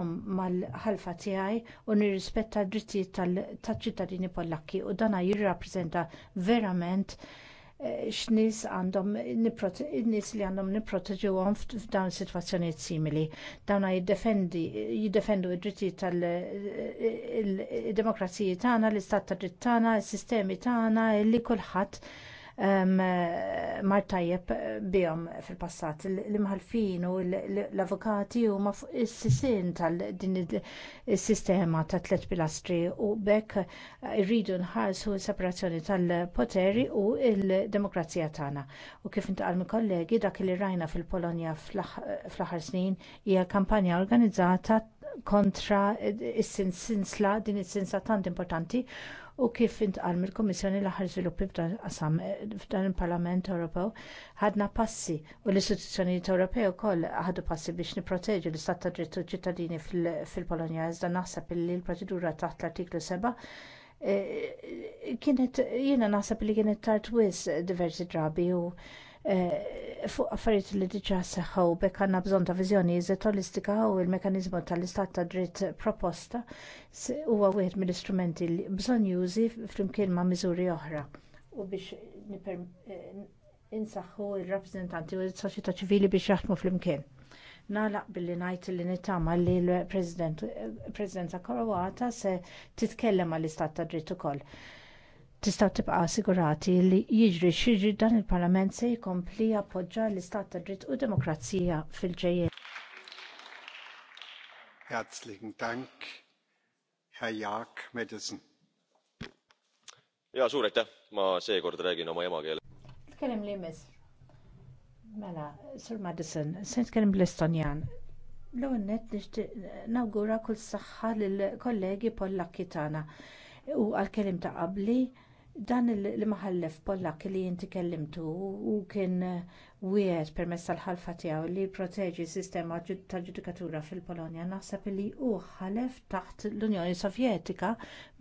nżomm mal-ħalfa tiegħi u nirrispetta d-drittijiet tal-ċittadini Pollakki u dan jirrappreżenta verament eh, x'nies għandhom nies li għandhom nipproteġuhom f'dawn sitwazzjonijiet simili. Dawn jiddefendi jiddefendu d-drittijiet tal-demokrazija eh, tagħna, l-istat tad dritt tagħna, is-sistemi tagħna li kulħadd mar tajjeb bihom fil-passat. L-imħalfin u l-avukati huma fuq is sisin tal-din is sistema ta' tliet pilastri u bekk irridu nħarsu separazzjoni tal-poteri u l demokrazija tagħna. U kif intqal mill kollegi dak li rajna fil-Polonja fl-aħħar snin hija kampanja organizzata kontra is-sinsla din is sinsla tant importanti u kif intqal mill-Kummissjoni l-aħħar żviluppi eh, f'dan il-Parlament Ewropew ħadna passi u l-istituzzjonijiet Ewropej ukoll ħadu passi biex nipproteġu l-istat ta' dritt u ċittadini fil-Polonja iżda naħseb li l-proċedura taħt l-artiklu 7 eh, kienet jiena naħseb li kienet tard wis diversi drabi u Eh, fuq affarijiet li diġà seħħu bekk għandna bżonn ta' viżjoni iżet holistika u l-mekanizmu tal-istat ta' dritt proposta huwa wieħed mill-istrumenti li bżonn jużi flimkien ma' miżuri oħra u biex eh, insaħħu r rappreżentanti u s-soċjetà ċivili biex jaħdmu flimkien. Nalaq billi ngħid li nittama li l-Presidenza eh, Kroata se titkellem għall-istat ta' dritt ukoll tista' tibqa' assigurati li jiġri xiġri dan il-Parlament se jkompli jappoġġa l-Istat ta' dritt u demokrazija fil-ġejjel. Herzlichen Dank, Herr Jaak Madison. Ja, suur aitäh, ma seekord räägin oma emakeele. Tkellem li mis. Mela, Sir Madison, se tkellem bl-Estonjan. L-għun net nishtiq nawgura kull saħħa lill kollegi pollakki tagħna u għal-kelim ta' qabli Dan li maħallef Pollak li jinti kellimtu u kien eh, wieħed permess tal-ħalfa tiegħu li proteġi s-sistema tal ġudikatura fil-Polonja naħseb li hu ħalef taħt l-Unjoni Sovjetika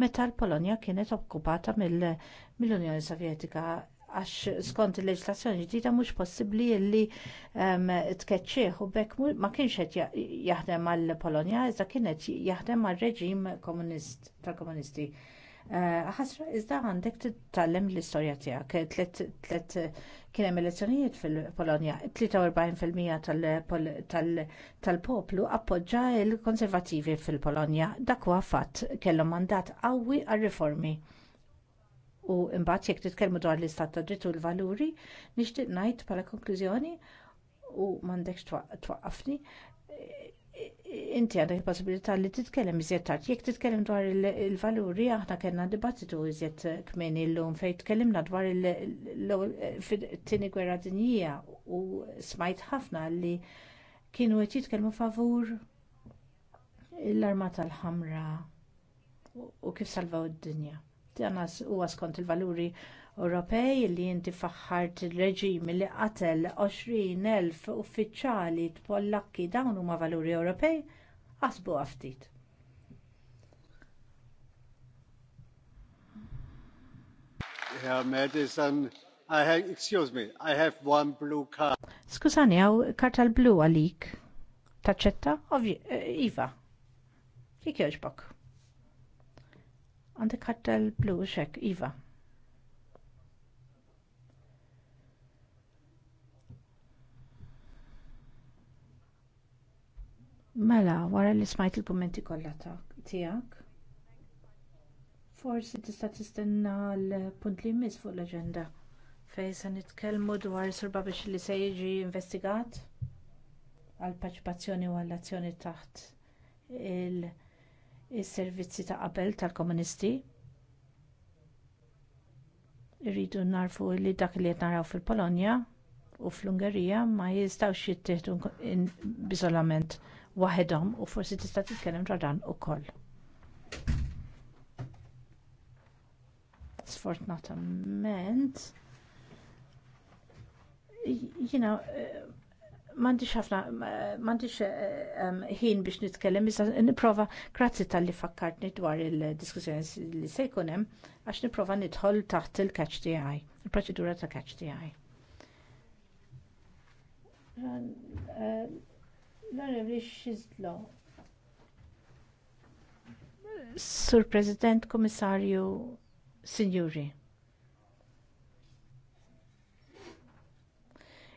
meta l-Polonja kienet okkupata mill-Unjoni Sovjetika għax skont il-leġislazzjoni ġdida mhux possibbli li ehm, tkeċċieħ u bekk ma kienx qed jaħdem għall-Polonja iżda kienet jaħdem għal reġim komunist tal-komunisti. Eh, ħasra iżda għandek titgħallem l-istorja tiegħek. Tlet kien hemm elezzjonijiet fil-Polonja, 43% tal-poplu appoġġa l-Konservattivi fil-Polonja. Dak huwa fatt kellhom mandat qawwi għar-riformi. U mbagħad jekk titkellmu dwar l-istat ta' dritt u l-valuri, nixtieq ngħid bħala konklużjoni u m'għandekx twaqqafni inti għandek possibilità li titkellem iżjed tard. Jekk titkellem dwar il-valuri, aħna kellna dibattitu iżjed kmieni llum fejn tkellimna dwar il-tini gwerra dinjija u smajt ħafna li kienu qed jitkellmu favur l-armata l-ħamra u kif salvaw id-dinja. Dan huwa skont il-valuri Ewropej li inti faħħart reġim li qatel 20.000 uffiċjali tpollakki dawn huma valuri Ewropej, qasbu ftit. Herr Madison, I have, excuse me, I have one blue card. Skużani, għaw karta l-blu għalik. Taċċetta? Ovvi, eh, Iva. kik joġbok. Għandek karta l-blu, xek, Iva. Mela, wara li smajt il-kommenti kollha tiegħek. Forsi tista' tistenna l-punt li jmiss fuq l-aġenda fejn se nitkellmu dwar surba biex li se jiġi investigat għal paċipazzjoni u għall azzjoni taħt il-servizzi ta' qabel tal-komunisti. Irridu narfu li dak li qed naraw fil-Polonja u fl-Ungerija ma jistgħux jittieħdu b'iżolament waħedhom u forsi tista' titkellem dwar dan ukoll. Sfortunatament jiena eh, m'għandix ħafna eh, m'għandix eh, ħin biex nitkellem iżda nipprova grazzi tal-li fakkartni dwar il-diskussjoni li se hemm għax nipprova nidħol taħt il-catch tiegħi, il-proċedura ta' catch tiegħi l Xizlo. Sur President, Komissarju, Signori.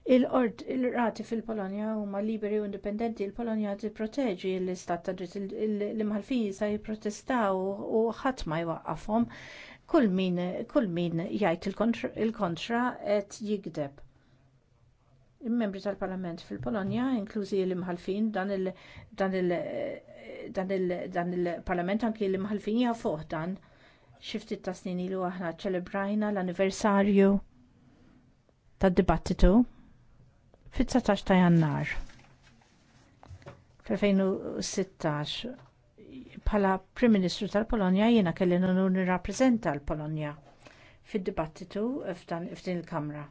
Il-ord, il-rati fil-Polonja huma liberi u indipendenti, il-Polonja tipproteġi l-istat ta' dritt, l-imħalfin jista' jipprotestaw u ħadd ma Kull min, kull min jgħid il-kontra qed jigdeb il membri tal-Parlament fil-Polonja, inklużi l-imħalfin, dan il- dan dan il- dan parlament anki l-imħalfin jafuh dan xiftit ta' snin li aħna ċelebrajna l-anniversarju tad dibattitu fit-19 ta' jannar. Fil-2016 bħala Prim Ministru tal-Polonja jiena kelli n-nur nirrappreżenta l-Polonja fid-dibattitu f'din il-Kamra.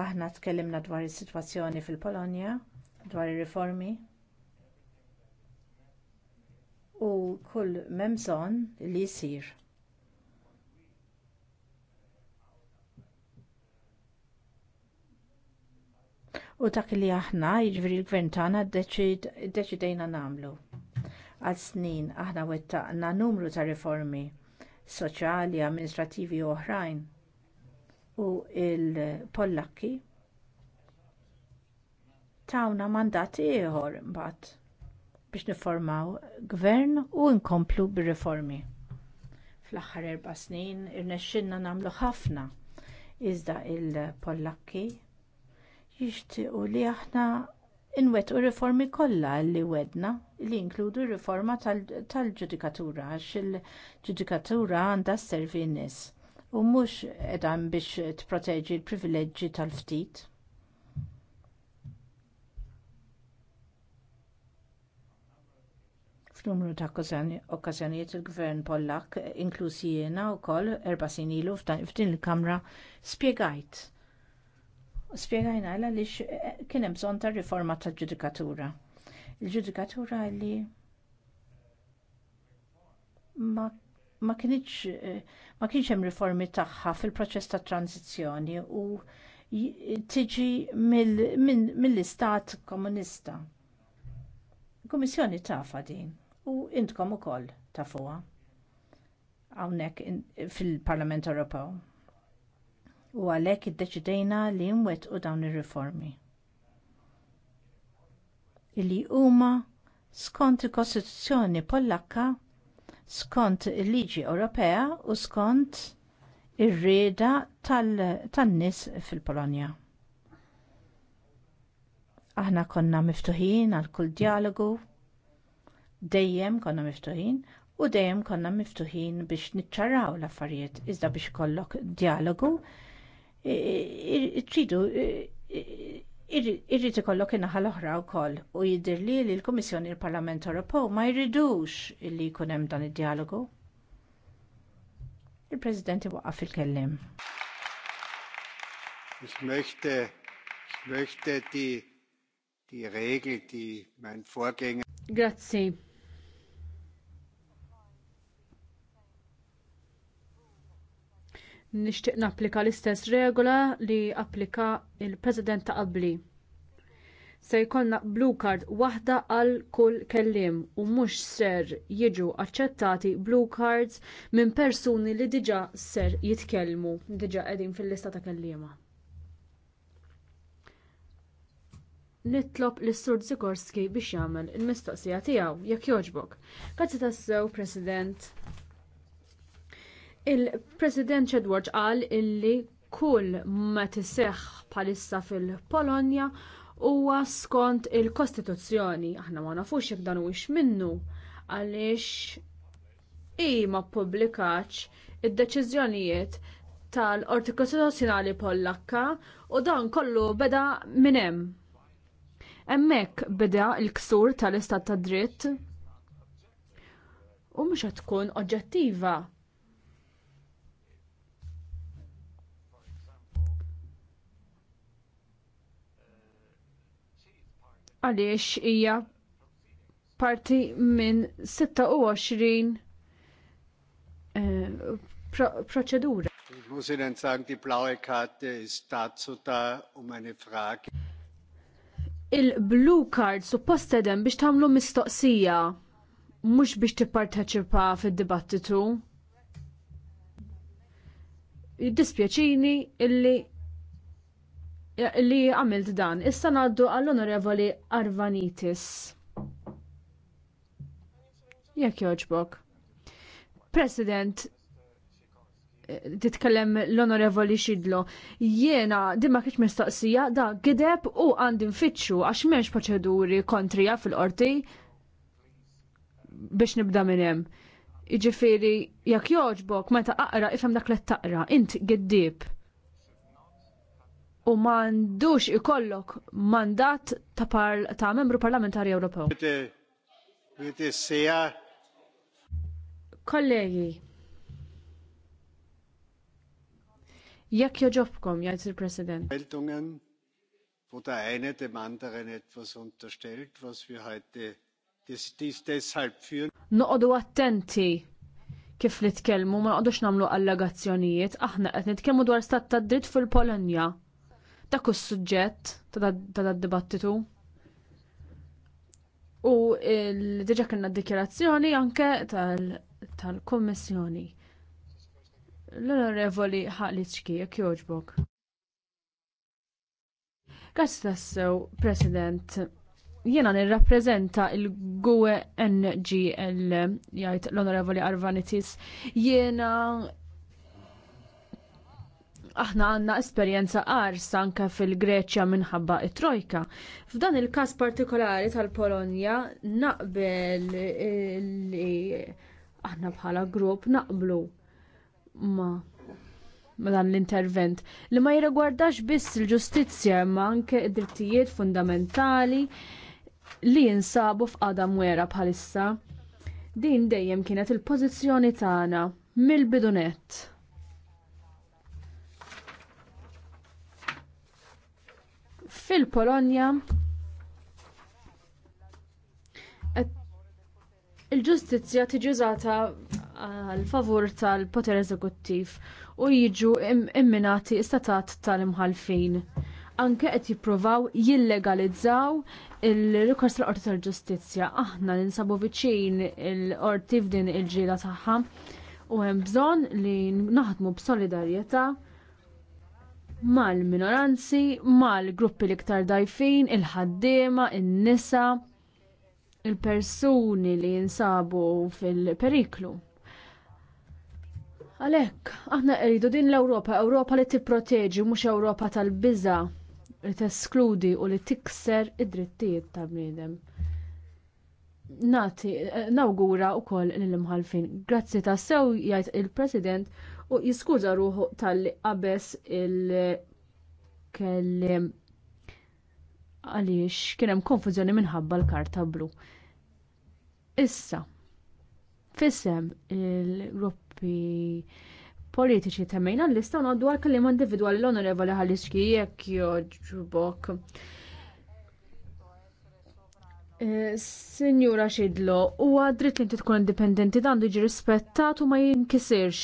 Aħna tkellimna dwar is-sitwazzjoni fil-Polonja, dwar ir-riformi. U kull memżon li jsir. U dak li aħna, jiġifieri l-gvern tagħna ddeċidejna nagħmlu. Għal snin aħna wettaqna numru ta' riformi soċjali, amministrativi u oħrajn u il-Pollakki tawna mandati ieħor mbagħad biex niformaw gvern u nkomplu bir-riformi. Fl-aħħar erba' snin irnexxinna nagħmlu ħafna iżda il-Pollakki jixtiequ li aħna inwettqu riformi kollha li wedna li jinkludu r riforma tal-ġudikatura għax il-ġudikatura għandha sservi n-nies u mhux edan biex t-proteġi l-privileġġi tal-ftit. F'numru ta' okkażjonijiet il-Gvern Pollak, inklusi jiena wkoll erba' sinilu f'din il-Kamra spjegajt. Spiegajna għala li eh, kien hemm bżonn ta' riforma ta' ġudikatura Il-ġudikatura li ma, ma eh, ma kienx hemm riformi tagħha fil-proċess ta' tranzizzjoni u tiġi mill-istat komunista. Il-Kummissjoni tafa din u intkom ukoll tafuha hawnhekk fil-Parlament Ewropew. U għalhekk iddeċidejna li nwettqu dawn ir-riformi. Illi huma skont il-Kostituzzjoni Pollakka skont il-liġi Ewropea u skont ir-rieda tan-nies fil-Polonja. Aħna konna miftuħin għal kull dialogu, dejjem konna miftuħin u dejjem konna miftuħin biex niċċaraw l-affarijiet iżda biex kollok dialogu tridu irrid ikollok in-naħa l-oħra wkoll u jidher li l-Kummissjoni l-Parlament Ewropew ma jridux li jkun hemm dan id-dialogu. Il-President iwaqqaf il-kellim. Ich möchte, ich möchte die, die Regel, die mein Vorgänger. Grazie. Nixtieq napplika l-istess regola li applika l president ta' qabli. Se jkollna blue card waħda għal kull kelliem u mhux ser jiġu aċċettati blue cards minn persuni li diġa' ser jitkellmu, diġa' qegħdin fil-lista ta' kelliema. nitlob lis sur Zikorski biex jagħmel il-mistoqsija tiegħu jekk jogħġbok. Grazzi tassew, President. Il-President Edward qal illi kull ma tiseħ bħalissa fil-Polonja huwa skont il-Kostituzzjoni. Aħna ma nafux jekk dan huwiex minnu għaliex i ma publikax id-deċiżjonijiet tal-Qorti Kostituzzjonali Pollakka u dan kollu beda minn hemm. Hemmhekk beda l-ksur tal-Istat tad Dritt u mhux tkun oġġettiva għaliex hija parti minn 26 eh, proċedura. Ich muss Ihnen sagen, die blaue Karte ist Il-blue card suppost edem biex tamlu mistoqsija, mux biex tipparteċipa fil dibattitu Jiddispjaċini illi li għamilt dan. Issa naddu għall-Onorevoli Arvanitis. Jekk joġbok. President, titkellem l-onorevoli xidlo. Jiena, dimma kħiċ mistaqsija, da gideb u għandi nfittxu għax menx proċeduri kontrija fil-qorti biex nibda minnem. Iġifiri, jak joġbok, meta aqra, ifem dak li taqra, int giddib u mandux ikollok mandat ta', par, ta membru parlamentari Ewropew. Kollegi, jekk joġobkom, jgħid il-President. wo der eine dem anderen etwas unterstellt, was wir heute dies, dies deshalb führen. Noqodu attenti kif li nitkellmu, ma noqodux namlu allegazzjonijiet, aħna qed nitkellmu dwar stat ta' dritt fil-Polonja dak is-suġġett ta' dad dibattitu. U diġa kena dikjerazzjoni anke tal-Kommissjoni. L-onorevoli ħaqliċki, jek joġbok. Grazzi tassew, President, Jiena nirrappreżenta il-GUE NGL, jgħid l-Onorevoli Arvanitis, Jiena aħna għandna esperjenza qarsa anke fil-Greċja minħabba t trojka F'dan il-każ partikolari tal-Polonja naqbel eh, li aħna bħala grupp naqblu ma dan l-intervent li ma jirregwardax biss il-ġustizzja ma anke id drittijiet fundamentali li jinsabu f'qadam wera bħalissa. Din dejjem kienet il-pożizzjoni tagħna mill-bidunet. fil-Polonja il-ġustizzja tiġi użata għal favur tal-poter eżekuttiv u jiġu imminati istatat tal-imħalfin. Anke qed jippruvaw jillegalizzaw il-rikors tal-qorti tal-ġustizzja. Aħna ninsabu viċin il-qorti f'din il-ġila tagħha u hemm bżonn li naħdmu b'solidarjetà mal-minoranzi, mal-gruppi liktar dajfin, il-ħaddiema, il-nisa, il-persuni li jinsabu fil-periklu. Għalek, aħna eridu din l-Ewropa, Ewropa li tipproteġi mhux Ewropa tal-biża li teskludi u li tikser id-drittijiet ta' bniedem. Nati, eh, nawgura u koll l-imħalfin. Grazzi ta' sew jgħid il-President u jiskuża ruħu tal qabeż il-kellim għaliex kien hemm konfużjoni minħabba l-karta blu. Issa, fissem il-gruppi politiċi temmejna l-lista unaddu għal kellim individuali l-onorevoli ħaliski jekk joġbok. Eh, Signora Xidlo, u għadrit li tkun indipendenti dan diġi rispettat u ma jinkisirx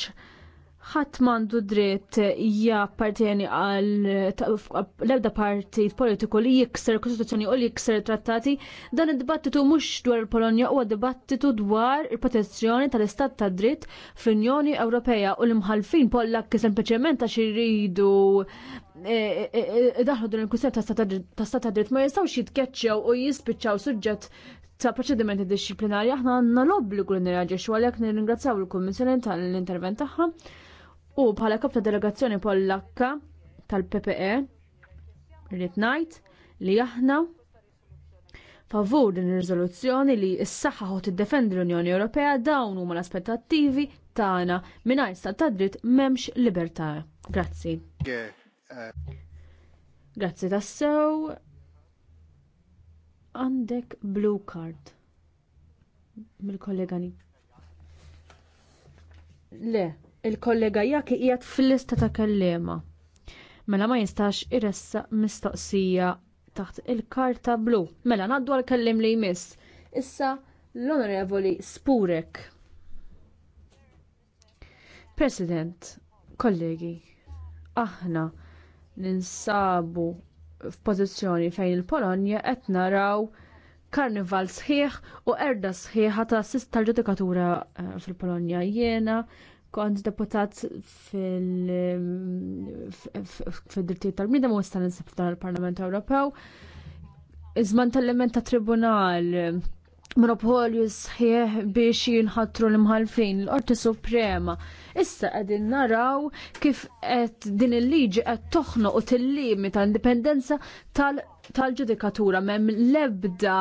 ħadd m'għandu dritt jappartjeni għal l-ebda partit politiku li jikser kostituzzjoni u li jikser trattati, dan id-dibattitu mhux dwar il-Polonja huwa dibattitu dwar il-protezzjoni tal-istat ta' dritt fl-Unjoni Ewropea u l-imħalfin Pollak sempliċement għax iridu e, e, e, daħlu din il-kunsepp ta' stat ta' dritt ma jistgħux jitkeċċew u jispiċċaw suġġett ta' proċedimenti disciplinari aħna għandna l-obbligu li nirraġexxu għalhekk nirringrazzaw il-Kummissjoni tal-intervent tagħha U bħala kap ta' delegazzjoni pollakka tal-PPE rrid ngħid li aħna favur din ir-riżoluzzjoni li s-saħħa tiddefendi l-Unjoni Ewropea dawn huma l-aspettattivi tagħna mingħajr stat ta' dritt m'hemmx libertà. Grazzi. Grazzi tassew. Għandek blue card mill kollegani Le, il-kollega jaki qiegħed fil-lista ta' kellima. Mela ma jistax iressa mistoqsija taħt il-karta blu. Mela ngħaddu għal kellim li jmiss. Issa l-onorevoli Spurek. President, kollegi, aħna ninsabu f'pożizzjoni fejn il-Polonja qed naraw karnival sħiħ u erda sħiħa ta' sis tal-ġudikatura eh, fil-Polonja jiena kont deputat fil-drittijiet tal ma u stan nisib l parlament Ewropew. Iżman tal-element ta' tribunal monopolju sħieħ biex jinħatru l-imħalfin l-Qorti Suprema. Issa qegħdin naraw kif qed din il-liġi qed toħno u tillimi ta' indipendenza tal-ġudikatura m'hemm l-ebda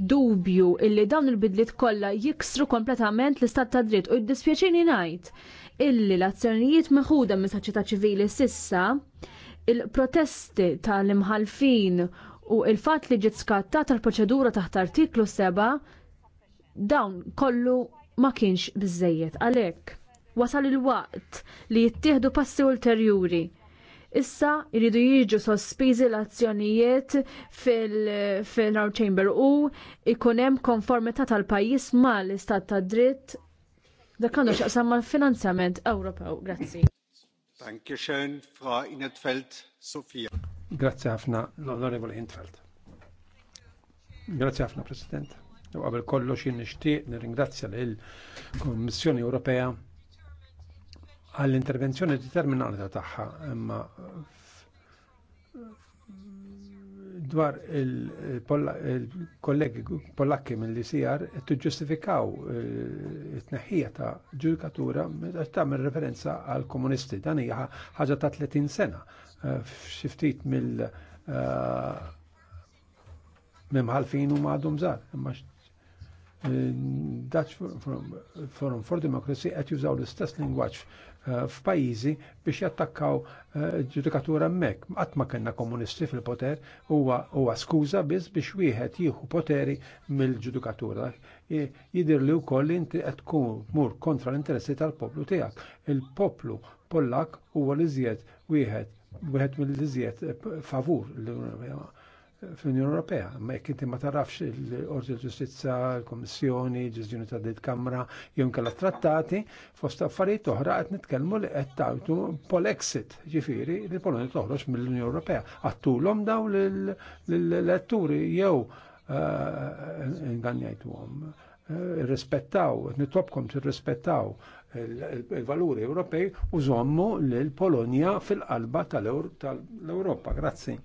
dubju illi dawn il-bidliet kollha jiksru kompletament l-istat ta' dritt u jiddispjaċini ngħid illi l-azzjonijiet meħuda minn soċjetà ċivili sissa il-protesti tal-imħalfin u il-fatt li ġiet skattat tal-proċedura taħt artiklu 7 dawn kollu ma kienx biżejjed għalhekk wasal il-waqt li jittieħdu passi ulterjuri issa jridu jiġu sospiżi l-azzjonijiet fil-Raw Chamber u ikun hemm konformità tal-pajjiż mal-istat tad dritt dak għandu x'aqsam mal-finanzjament Ewropew. Grazzi. Danke schön, Frau Inetfeld, Sofia. Grazzi ħafna, l-Onorevole Intfeld. Grazzi ħafna, President. U għabel kollox nishtiq, nir nirringrazzja lill kummissjoni Ewropea għall-intervenzjoni determinata tagħha imma dwar il-kollegi Pollakki mill-ICR tiġġustifikaw eh, it neħija ta' ġudikatura tagħmel referenza għal komunisti. Dan hija ħaġa ta' 30 sena eh, xiftit ftit mill eh, ħalfin u għadhom żgħar. Imma Dutch Forum for Democracy għet jużaw l-istess lingwaċ Eh, f'pajjiżi biex jattakkaw eh, ġudikatura mek. Qatt ma kellna komunisti fil-poter huwa skuża biss biex wieħed jieħu poteri mill-ġudikatura. Jidir li wkoll inti qed tkun mur kontra l-interessi tal-poplu tiegħek. Il-poplu Pollak huwa li wieħed wieħed mill-iżjed eh, favur l-Unjoni fl-Unjoni Ewropea. Ma jekk inti ma tarafx il-Qorti Ġustizza, il-Kommissjoni, ġizjoni ta' dit Kamra, jew kella trattati, fost affarijiet oħra qed nitkellmu li qed tawtu pol-exit, ġifieri li Polonja toħroġ mill-Unjoni Ewropea. Għattulhom daw l-elettori jew eh, inganjajtuhom. Eh, Rispettaw, nitobkom tirrispettaw il-valuri Ewropej u żommu l-Polonja fil-qalba tal-Ewropa. Grazzi.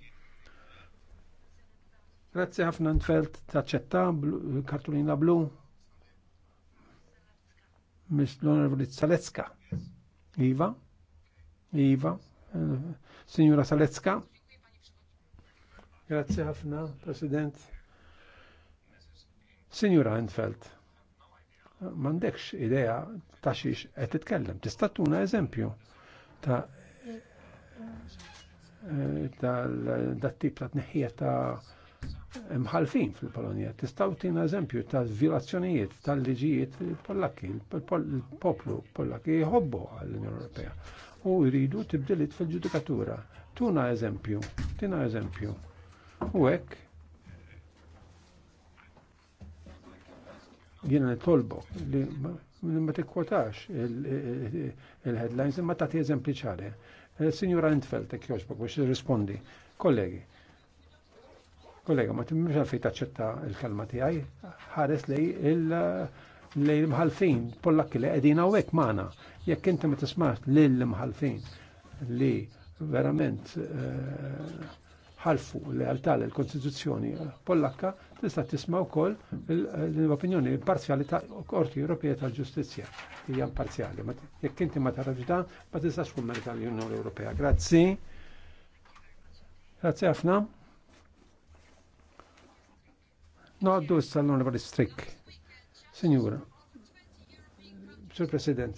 Grazie ħafna Nfeld taċċetta kartulina blu. Miss l-Onorevoli Zaletzka. Iva. Iva. Signora Zaletzka. Grazie ħafna, President. Signora Enfeld, mandekx idea ta' xiex qed titkellem. Tista' tuna eżempju ta' eh, tal-tip ta' tneħħija ta' mħalfin fil-Polonja. Tistaw tina eżempju ta' violazzjonijiet tal-liġijiet pollakki, il-poplu pollakki jħobbu għall-Unjoni Ewropea u jridu tibdilit fil-ġudikatura. Tuna eżempju, tina eżempju. U hekk jiena nitolbok li ma tikkwotax il-headlines imma tagħti eżempju ċari. Eh, Signora Entfeld, jogħġbok biex rispondi. Kollegi, Kollega, ma timmiex fejt taċċetta il-kalma tiegħi, ħares li l-mħalfin, pollakki li qegħdin hawnhekk magħna, jekk inti ma tismax lill-mħalfin li verament eh, ħalfu lealtà il konstituzzjoni Pollakka tista' tisma' kol l-opinjoni parzjali ta' Qorti Ewropea tal-Ġustizzja hija imparzjali. Jekk inti ma tarafx dan, ma tistax kummerita l-Unjoni Ewropea. Grazzi. Grazzi ħafna. Noqdu issa l-onorevoli Strick. Signora, Sur President,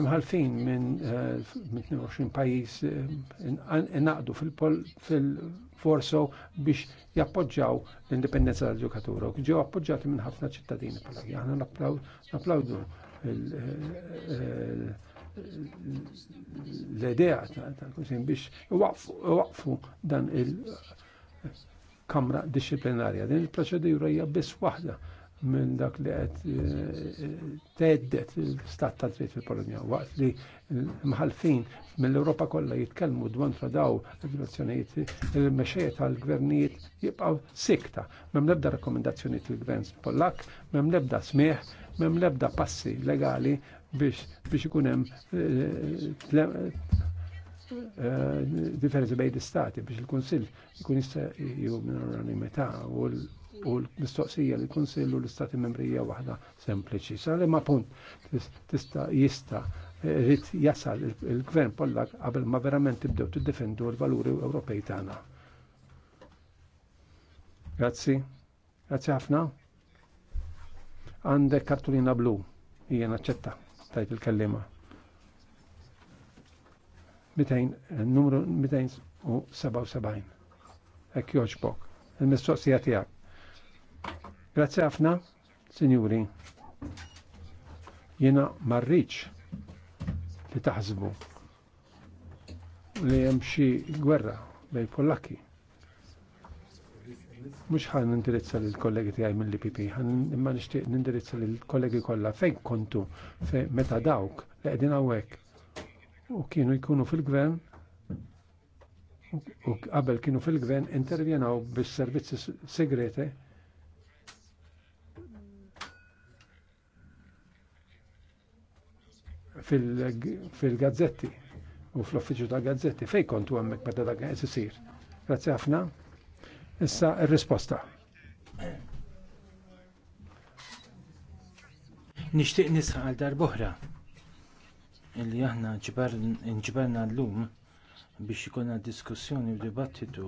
imħalfin minn 22 pajis naqdu fil-forso biex jappoġġaw l-indipendenza tal-ġukatura. Ġew appoġġati minn ħafna ċittadini palagi. Aħna naplawdu l-idea tal-Kunsin biex waqfu dan il- kamra disciplinarja. Din il-proċedura hija biss waħda minn dak li qed eh, tgħeddet stat ta' dritt fil-Polonja waqt li mħalfin mill-Ewropa kollha jitkellmu dwantra daw il-relazzjonijiet il-mexejja tal-gvernijiet jibqgħu sikta. M'hemm l-ebda rakkomendazzjoni tal-gvern Pollak, m'hemm l-ebda smieħ, m'hemm l-ebda passi legali biex biex ikun hemm eh, Eh, differenzi bejn l-istati biex il-Kunsill jkun jista' ju minoranità u l-mistoqsija li l-Kunsill u l-istati membri hija waħda sempliċi. Sa ma punt tista' jista' rrid jasal il-gvern Pollak qabel ma verament tibdew tiddefendu l-valuri Ewropej tagħna. Grazzi. Grazzi ħafna. Għandek kartulina blu. Hija naċċetta tajt il-kellima. Eh, numru 277. Ekk joċbok. Il-mistoqsija tijak. Grazie għafna, signori. Jena marriċ li taħsbu li jemxi gwerra bej Pollakki. Mux ħan nindirizza l kollegi tiegħi mill pipi, ħan imma nixtieq nindirizza lill kollegi kolla fejn kontu fejn meta dawk li qegħdin hawnhekk u kienu jkunu fil-gvern u qabel kienu fil-gvern intervjenaw bis-servizzi segreti fil-gazzetti u fl-uffiċu ta' gazzetti fej kontu għemmek meta dak qed isir. Grazzi ħafna. Issa r-risposta. Nixtieq nisħaq għal darbohra illi aħna nġiberna llum biex ikonna diskussjoni u dibattitu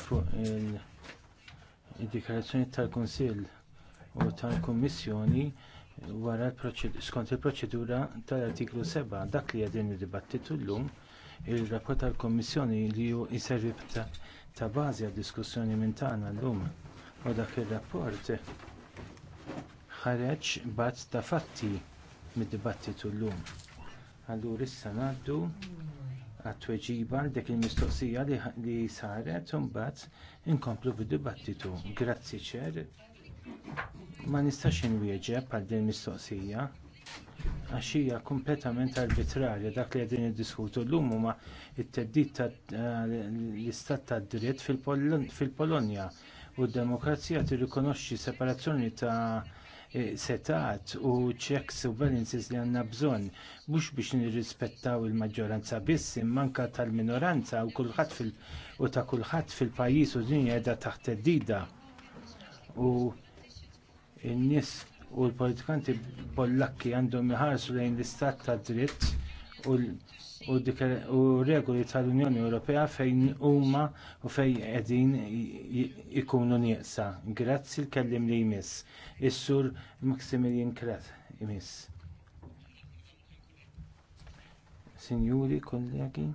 fuq il-dikarazzjoni tal-Kunsill u tal-Kummissjoni wara skont il-proċedura tal-artiklu 7 dak li għedin id-dibattitu llum ir rapport tal kummissjoni li ju jiservi ta' bażi għad diskussjoni minn tagħna llum u dak ir-rapport ħareġ bazz ta' fatti mid-dibattitu llum. Allura issa ngħaddu għat-tweġiba għal dik il-mistoqsija li saret u mbagħad inkomplu bid-dibattitu. Grazzi ċer. Ma nistax inwieġeb għal din mistoqsija għax hija kompletament arbitrarja dak li qegħdin idiskutu llum huma t-teddid tal-istat tad dritt fil-Polonja u d-demokrazija tirrikonoxxi separazzjoni ta' E, setat u checks u balances li għandna bżonn mhux biex nirrispettaw il-maġġoranza biss manka tal-minoranza u kulħadd fil- u ta' kulħadd fil-pajjiż u dinja qiegħda taħt theddida. U n-nies u l-politikanti bollakki għandhom iħarsu lejn l-istat ta' dritt u regoli tal-Unjoni Ewropea fejn huma u fejn qegħdin ikunu nieqsa. Grazzi l-kellim li jmiss. Is-sur Maximilian Krat jmiss. Sinjuri, kollegi,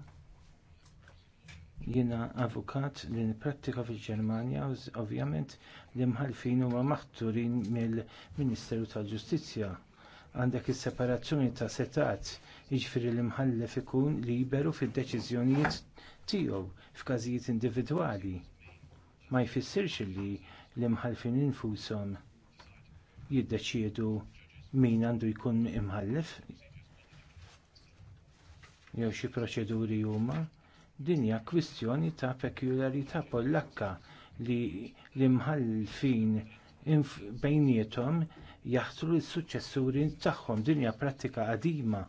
jiena avukat li nipprattika fil-Ġermanja, ovvjament li mħalfin huma maħturin mill-Ministeru tal-Ġustizzja għandek is-separazzjoni ta' setat jiġifieri l-imħallef ikun liberu fid-deċiżjonijiet tiegħu f'każijiet individwali. Ma jfissirx li l imħallfin infushom jiddeċiedu min għandu jkun imħallef jew xi proċeduri huma, din hija kwistjoni ta' pekjularità pollakka li l-imħallfin bejnietom jaħtru s-suċċessuri tagħhom din hija prattika qadima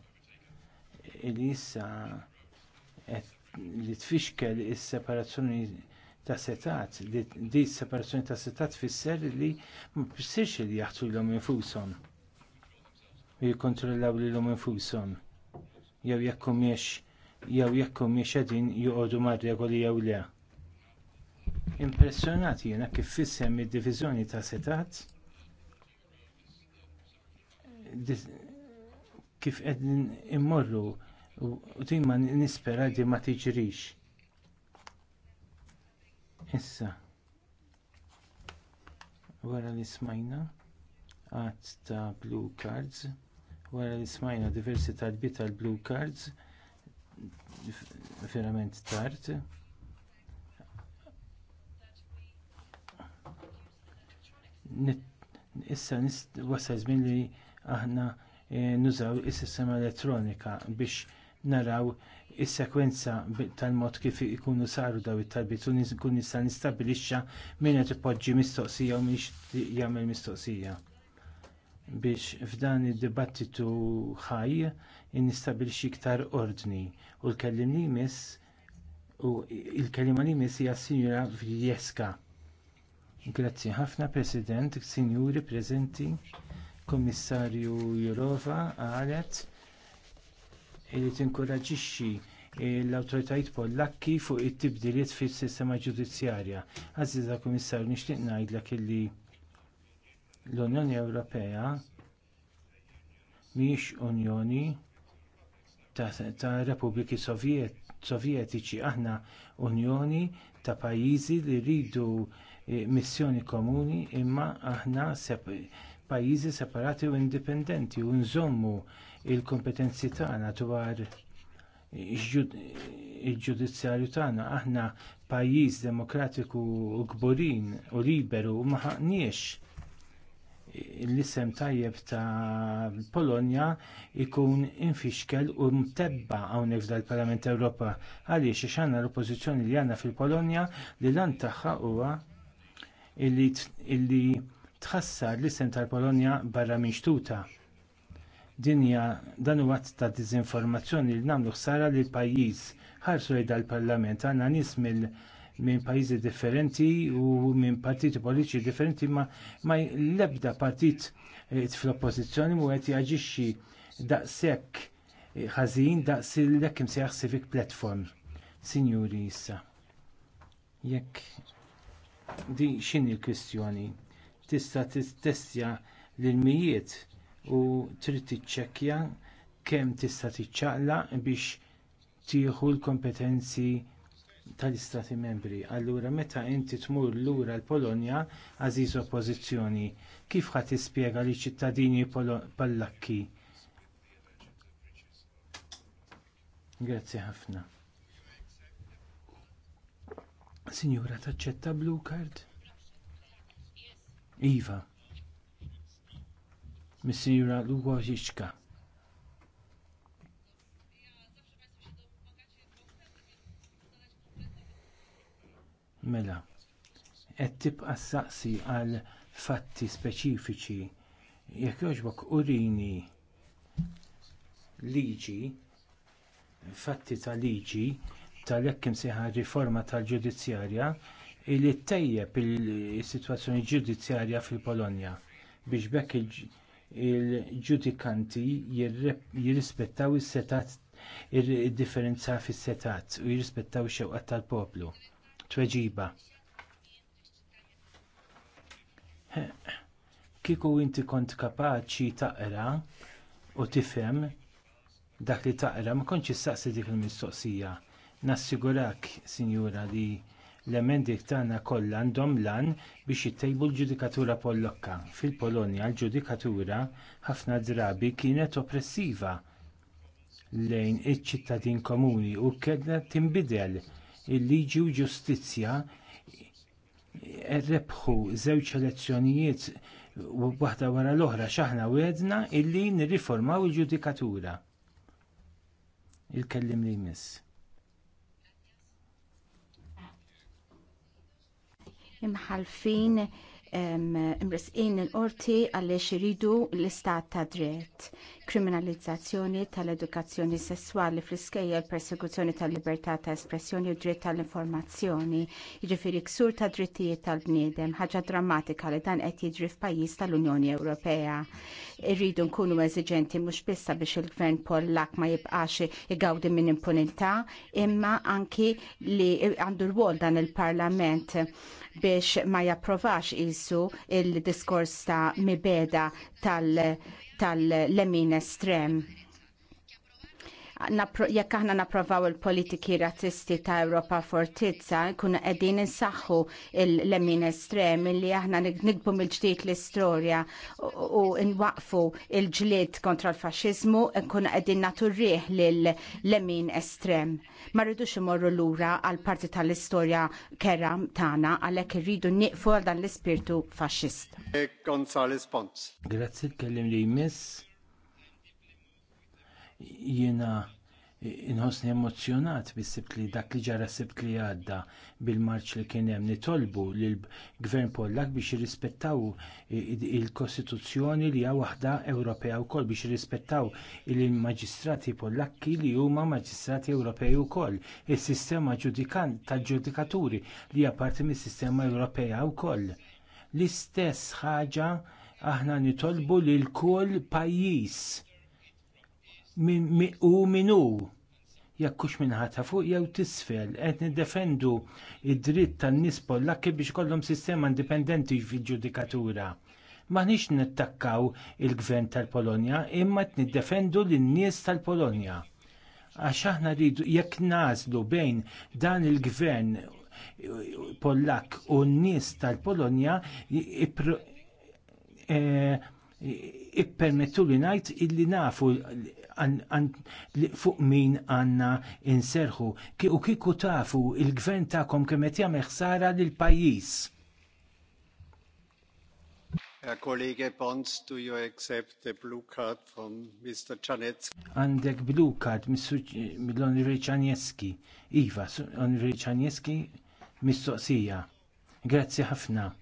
li issa li tfixkel is-separazzjoni ta' setat, di separazzjoni ta' setat fisser li ma bissirx li jaħtu l-om infusom. U jikontrollaw li l-om infusom. Jew jekkum miex jew jekkum jiex għedin juqodu mar regoli jew le. Impressionat jena kif fissem id-divizjoni ta' setat kif qegħdin immorru U din ma nispera di ma tiġrix. Issa. Wara li smajna għat ta' blue cards. Wara li smajna diversi ta' bita' blue cards verament tard. Issa nis wasa żmien li aħna eh, nużaw is-sistema elettronika biex naraw is-sekwenza tal-mod kif ikunu saru daw it-talbiet u nkun nista' nistabbilixxa min qed ipoġġi mistoqsija u mhix jagħmel mistoqsija biex f'dan id-dibattitu ħaj nistabbilixxi iktar ordni u l-kellim li jmiss u l-kelliema li jmiss hija Sinjura Vjeska. Grazzi ħafna President, Sinjuri Preżenti, Kummissarju Jurova, għalet li tinkoraġixxi l-awtoritajiet pollakki fuq it-tibdiliet fis-sistema ġudizzjarja. Għażiża Kummissarju nixtieq ngħidlek illi l-Unjoni Ewropea mhijiex Unjoni ta', ta Repubbliki Sovjetiċi aħna Unjoni ta' pajjiżi li rridu eh, missjoni komuni imma aħna pajjiżi separati u indipendenti u nżommu il-kompetenzi tagħna dwar il-ġudizzjarju tagħna aħna pajjiż demokratiku u kburin u liberu ma ħaqniex l-isem tajjeb ta' Polonja ikun infixkel u mtebba hawnhekk fil-Parlament Ewropa għaliex għax l-oppożizzjoni li għandna fil-Polonja li lan tagħha huwa illi tħassar l-isem tal-Polonja barra minn Dinja dan huwa ta' diżinformazzjoni li nagħmlu ħsara li l-pajjiż ħarsu jgħidha l-Parlament għandna nies minn pajjiżi differenti u minn partiti politiċi differenti ma, ma l-ebda partit eh, fl-oppożizzjoni mu qed jaġixxi daqshekk eh, ħażin daqs l-ekkim sejaħ civic platform. Sinjuri issa. Jekk di x'inhi l-kwistjoni? Tista' testja l-mijiet u trid tiċċekkja kemm tista' tiċċaqla biex tieħu l-kompetenzi tal-istati membri. Allura meta inti tmur lura l-Polonja għażiż oppożizzjoni, kif ħadd tispjega liċ ċittadini Pollakki? Grazzi ħafna. Sinjura taċċetta blue card? Iva. Misira Lugożiċka. Mela, et tip saqsi għal fatti speċifiċi jekk jogħġbok urini liġi fatti ta' liġi tal ekkim imsejħa riforma tal-ġudizzjarja li ttejjeb is-sitwazzjoni ġudizzjarja fil-Polonja biex bekk il-ġudikanti jirrispettaw is-setat il-differenza fis-setat u jirrispettaw ix-xewqat tal-poplu. Tweġiba. Kieku inti kont kapaċi taqra u tifhem dak li taqra ma kontx issaqsi dik il-mistoqsija. Nassigurak, Sinjura, li L-emendi tagħna kollha għandhom lan biex jittejbu l-ġudikatura pollokka. Fil-Polonja l-ġudikatura ħafna drabi kienet oppressiva lejn iċ-ċittadin komuni u kedna tinbidel il-liġi u ġustizzja rebħu żewġ elezzjonijiet waħda wara l-oħra xaħna wedna illi nirriformaw il-ġudikatura. Il-kellim li jmiss. imħalfin imrisqin l-qorti għaliex iridu l-istat ta' dritt. Kriminalizzazzjoni tal-edukazzjoni sessuali fl-iskejja l-persekuzzjoni tal-libertà ta' espressjoni u dritt tal-informazzjoni, jiġifieri ksur ta' drittijiet tal-bniedem, ħaġa drammatika li dan qed jiġri f'pajjiż tal-Unjoni Ewropea. Irridu nkunu eżiġenti mhux bissa biex il-Gvern Pollak ma jibqax igawdi minn impunità, imma anki li għandu rwol dan il-Parlament biex ma japprovax isu il-diskors ta' mibeda tal-lemin tal estrem jekk aħna napprovaw il-politiki razzisti ta' Ewropa Fortizza, kuna qegħdin insaħħu l emin estrem li aħna nikbu mill-ġdid l-istorja u nwaqfu il-ġlied kontra l-faxxiżmu kuna qegħdin nagħtu rieħ lill-lemin estrem. Ma rridux imorru lura għal parti tal-istorja kera tagħna għalhekk irridu nieqfu għal dan l-ispirtu faxxist. Grazzi kellim li jmiss jiena inħosni emozjonat bis-sibt li dak li ġara sibt li għadda bil-marċ li kien hemm nitolbu lill gvern Pollak biex jirrispettaw il-Kostituzzjoni li hija waħda Ewropea wkoll biex jirrispettaw il-maġistrati Pollakki li huma maġistrati Ewropej ukoll, is-sistema tal-ġudikaturi li hija parti mis-sistema Ewropea wkoll. L-istess ħaġa aħna nitolbu lil kull pajjiż u minu jakkux ta' fuq jew tisfel, qed niddefendu id-dritt tan-nies Pollakki biex kollhom sistema indipendenti fil-ġudikatura. Maħniex nittakkaw il-gvern tal-Polonja, imma qed niddefendu lin-nies tal-Polonja. Għax aħna rridu jekk nażlu bejn dan il-gvern Pollak u n-nies tal-Polonja eh, ippermettu li najt illi nafu fuq min għanna inserħu. U kiku tafu il-gvern ta'kom kemet jagħmel ħsara lil pajjiż. Kollege Bonds, do you accept the blue card from Mr. Czanetski? Għandek blue card mill-Onri Czanetski. Iva, Onri Czanetski, mistoqsija. Grazzi ħafna.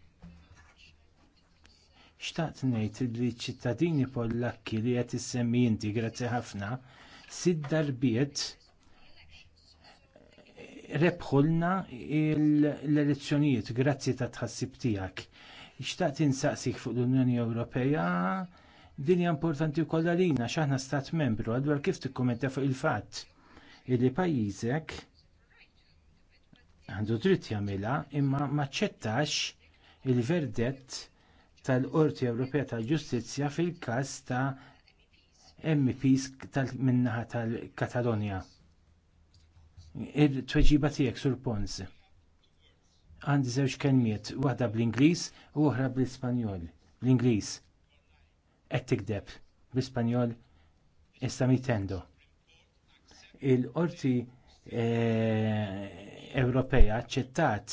Xtaqt ngħid li ċittadini Pollakki li qed issemmi inti grazzi ħafna sid darbiet rebħulna l-elezzjonijiet grazzi ta' tħassib tiegħek. Xtaqt insaqsik fuq l-Unjoni Ewropea din hija importanti wkoll għalina x'aħna stat membru għadwar kif tikkumenta fuq il-fatt li pajjiżek għandu dritt jagħmilha imma maċċettax il-verdett tal-Qorti Ewropea tal-Ġustizzja fil-każ ta' MPs tal-minnaħa tal-Katalonja. Il-tweġiba tiegħek sur Pons. Għandi żewġ kelmiet, waħda bl-Ingliż u oħra bl-Ispanjol. Bl-Ingliż qed tikdeb bl-Ispanjol issa mitendo. Il-Qorti eh, Ewropea aċċettat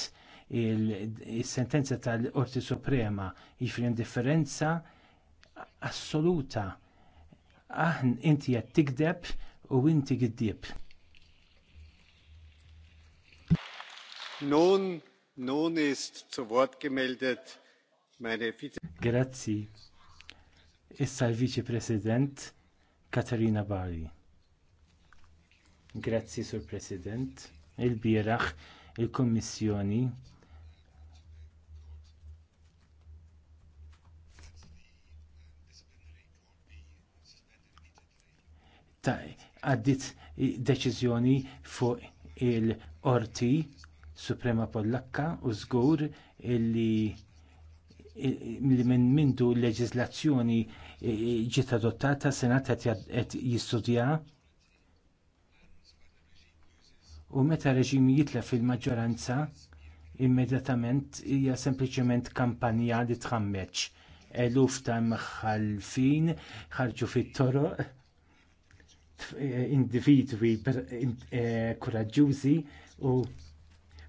il-sentenza tal-Qorti Suprema jifri indifferenza assoluta. Aħn inti jgħat tikdeb u inti għiddib. Nun, nun ist zu Wort gemeldet meine Vize. Grazzi. Issa l-Viċi President Katarina Bari. Grazzi, Sur President. Il-bieraħ il-Kommissjoni ta' għaddit deċiżjoni fuq il-qorti Suprema Pollakka u żgur illi li minn mindu l-leġizlazzjoni ġiet adottata senat qed jistudja u meta reġim jitlef fil-maġġoranza immedjatament hija sempliċement kampanja li tħammeċ eluf ta' mħalfin ħarġu fit-toroq individwi kuraġġużi eh, u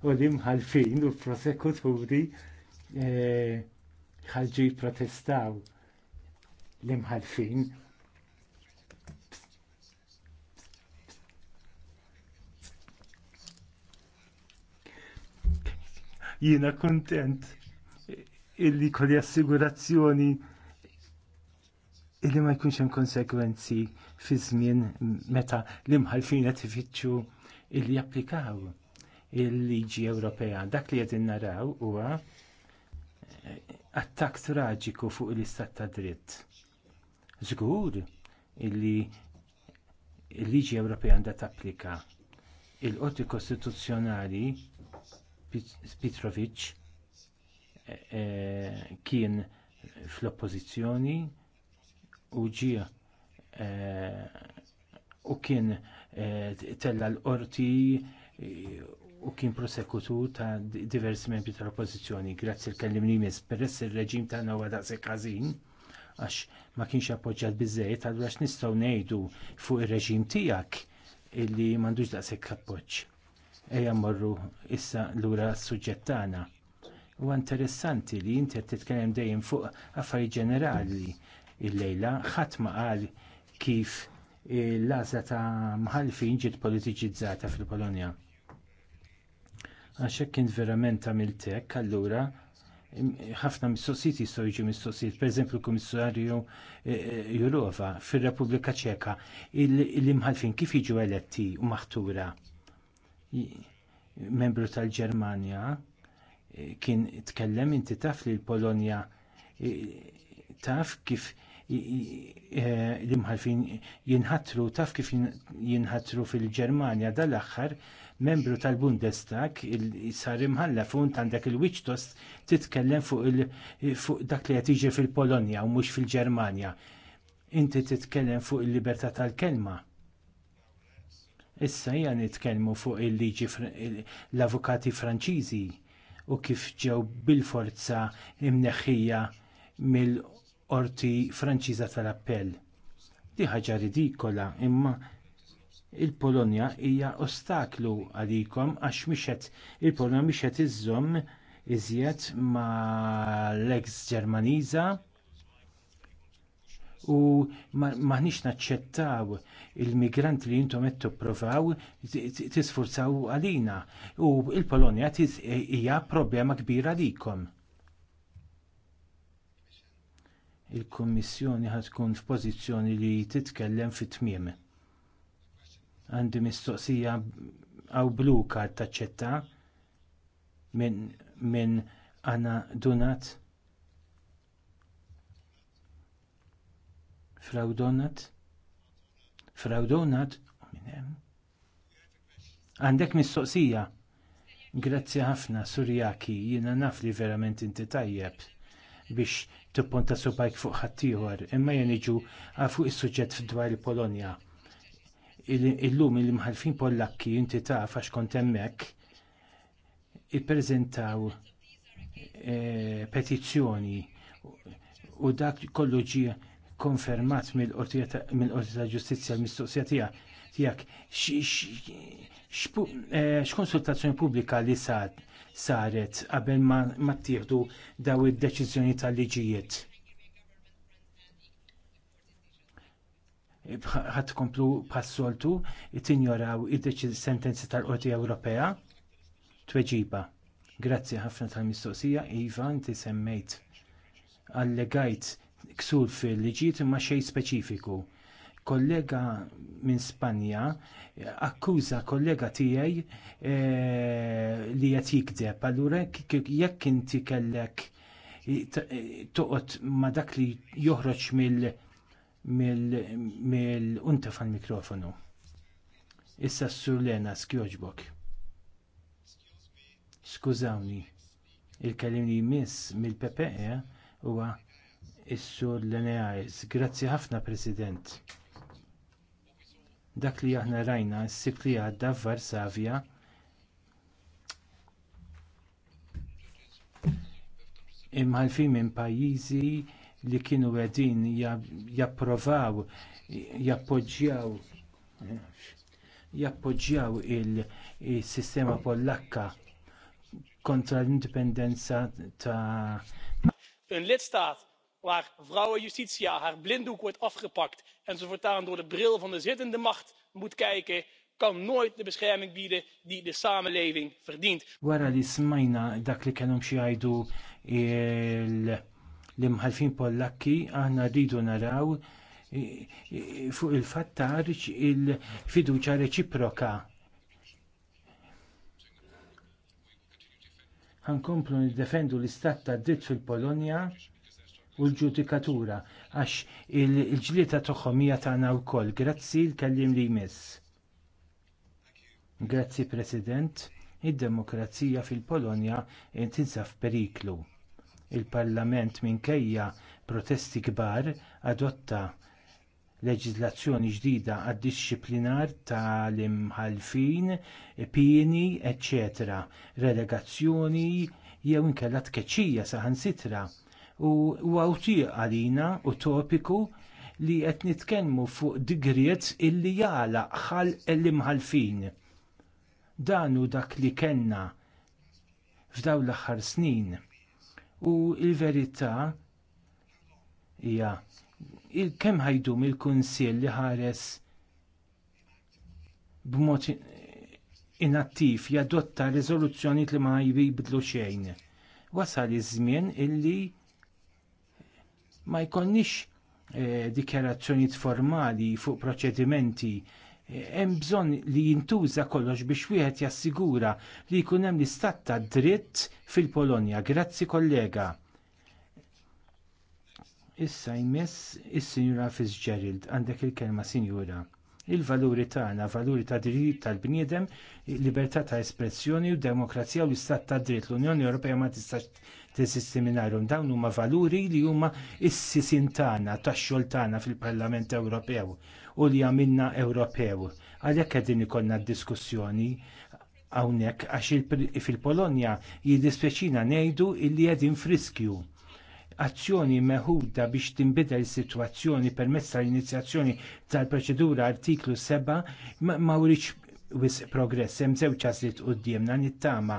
u l-imħalfin u prosekuturi eh, ħalġu jipprotestaw l-imħalfin jiena kuntent illi kolli assigurazzjoni illi ma jkunx hemm konsekwenzi fi żmien meta l-imħalfin qed ifittxu illi japplikaw il-liġi Ewropea. Dak li qegħdin naraw huwa eh, attakk traġiku fuq l-istat ta' dritt. Żgur illi il-liġi Ewropea għandha tapplika il-qorti kostituzzjonali Petrovic eh, eh, kien fl-oppożizzjoni u ġie eh, u kien eh, tella l-qorti eh, u kien prosekutur ta' diversi membri tal oppożizzjoni grazzi l-kellimni mis peress il-reġim ta' nawa da' kazin għax ma kienx appoġġjat biżżejjed għax nistgħu ngħidu fuq ir-reġim tiegħek illi m'għandux daqshekk appoġġ. Ejja mmorru issa lura s-suġġett tagħna. Huwa interessanti li inti qed titkellem dejjem fuq affarijiet ġenerali il-lejla ħadd ma qal kif l-għażla ta' mħalfin ġiet politiċizzata fil-Polonja. Għax hekk kien verament għamilt hekk allura ħafna mistoqsijiet jistgħu jiġu mistoqsijiet, pereżempju l-Kummissarju eh, eh, Jurova fir-Repubblika Ċeka, l-imħalfin kif jiġu eletti u maħtura membru tal-Ġermanja eh, kien tkellem inti taf li l-Polonja taf kif l-imħalfin jinħatru taf kif jinħatru fil-Ġermanja dal-aħħar membru tal-Bundestag sar imħalla funt għandek il-wiċtos titkellem fuq dak li jiġi fil-Polonja u mhux fil-Ġermanja. Inti titkellem fuq il-libertà tal-kelma. Issa hija nitkellmu fuq il-liġi l-avukati Franċiżi u kif ġew bil-forza imneħħija mill orti Franċiża tal-appell. Di ħaġa ridikola imma il-Polonja hija ostaklu għalikom għax mixet il-Polonja mixet iżżomm iżjed ma l-ex Ġermaniża u maħniex naċċettaw il-migranti li jintom qed tipprovaw tisfurzaw għalina u l polonja hija problema kbira għalikom. il-Kummissjoni ħatkun tkun f'pożizzjoni li titkellem fit-tmiem. Għandi mistoqsija għaw blu kart taċċetta minn min għana donat fraw donat donat għandek mistoqsija grazzi ħafna surjaki jina naf li verament inti tajjeb biex tipponta subajk fuq ħaddieħor, imma jien iġu fuq is-suġġett f'dwar il-Polonja. Illum il-mħalfin Pollakki inti taf għax kont hemmhekk ippreżentaw e, petizzjoni u dak kollu ġie konfermat mill-Qorti ta' Ġustizzja l-mistoqsija tiegħek tiegħek e, x'konsultazzjoni pubblika li sar saret qabel ma, ma tieħdu daw id-deċiżjoni tal-liġijiet. ħat komplu passoltu tinjoraw id-sentenzi tal-Qorti Ewropea tweġiba. Grazzi ħafna tal-mistoqsija, Iva, inti semmejt allegajt ksur fil-liġijiet imma xejn speċifiku kollega minn Spanja akkuża kollega tiegħi eh, li qed jikdeb. Allura jekk inti kellek toqgħod ma dak li joħroġ mill mill-unta fan mikrofonu. Issa s-sur Lena skjoġbok. Skużawni, il-kelim li jmiss mill-PPE huwa is-sur Leneais. Grazzi ħafna, President. Dak li aħna rajna s-sib li għadda f'Varsavia. imħalfin minn pajjiżi li kienu għedin japprovaw, jappoġġjaw jappoġġjaw il-sistema pollakka kontra l-indipendenza ta' Een lidstaat waar vrouwenjustitia haar blinddoek wordt afgepakt en ze voortaan door de bril van de zittende macht moet kijken kan nooit de bescherming bieden die de samenleving verdient. Wara li smajna dak li kellhom xi jgħidu l-imħalfin Pollakki aħna rridu naraw fuq il-fattar il-fiduċa reċiproka. Ħankomplu niddefendu l-istat ta' dritt fil-Polonja u l-ġudikatura għax il-ġlieta tagħhom hija tagħna wkoll. Grazzi l-kellim li jmiss. Grazzi President, id-demokrazija fil-Polonja intinsa f'periklu. Il-Parlament minkejja protesti kbar adotta leġiżlazzjoni ġdida għad disċiplinar tal-imħalfin, pieni, eccetera, Relegazzjoni jew inkella tkeċċija saħansitra u għawtija għalina u topiku li qed nitkellmu fuq digriet illi jala ħal l-imħalfin. Dan u dak li kellna f'daw l-aħħar snin. U il-verità hija kemm ħajdum il-kunsill li ħares b'mod inattiv jadotta riżoluzzjoni li ma jibidlu xejn. Wasal iż-żmien illi ma jkollniex dikjarazzjoni eh, dikjarazzjonijiet formali fuq proċedimenti eh, hemm bżonn li jintuża kollox biex wieħed jassigura li jkun hemm l-istat ta' dritt fil-Polonja. Grazzi kollega. Issa jmiss is-Sinjura Fitzgerald għandek il-kelma Sinjura. Il-valuri tagħna, valuri ta' dritt tal-bniedem, libertà ta' espressjoni u demokrazija u l-istat ta' dritt. L-Unjoni Ewropea ma tistax tesistiminar dawn huma valuri li huma s-sisin tagħna tax-xogħol tagħna fil-Parlament Ewropew u li għamilna Ewropew. Għalhekk qegħdin ikollna diskussjoni hawnhekk għax fil-Polonja jiddispjaċina ngħidu li qegħdin friskju azzjoni meħuda biex tinbidel is-sitwazzjoni permezz tal-inizjazzjoni tal-proċedura artiklu 7 ma wisq wis progress hemm żewġ għażliet qudiemna nittama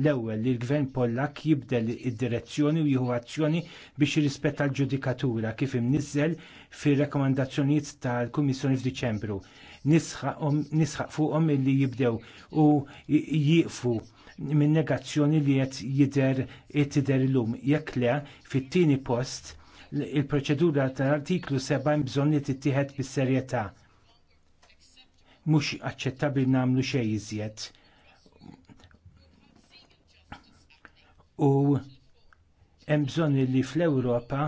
L-ewwel li l-Gvern Pollak jibdel id-direzzjoni u jieħu azzjoni biex jirrispetta l-ġudikatura kif imniżżel fir-rakkomandazzjonijiet tal-Kummissjoni f'Diċembru. Nisħaq fuqhom illi jibdew u jieqfu minn negazzjoni li qed jidher tidher illum. Jekk le fit-tieni post il-proċedura tal-artiklu 7 bżonn li tittieħed bis-serjetà mhux aċċettabbli nagħmlu xejn iżjed u hemm bżonn li fl-Ewropa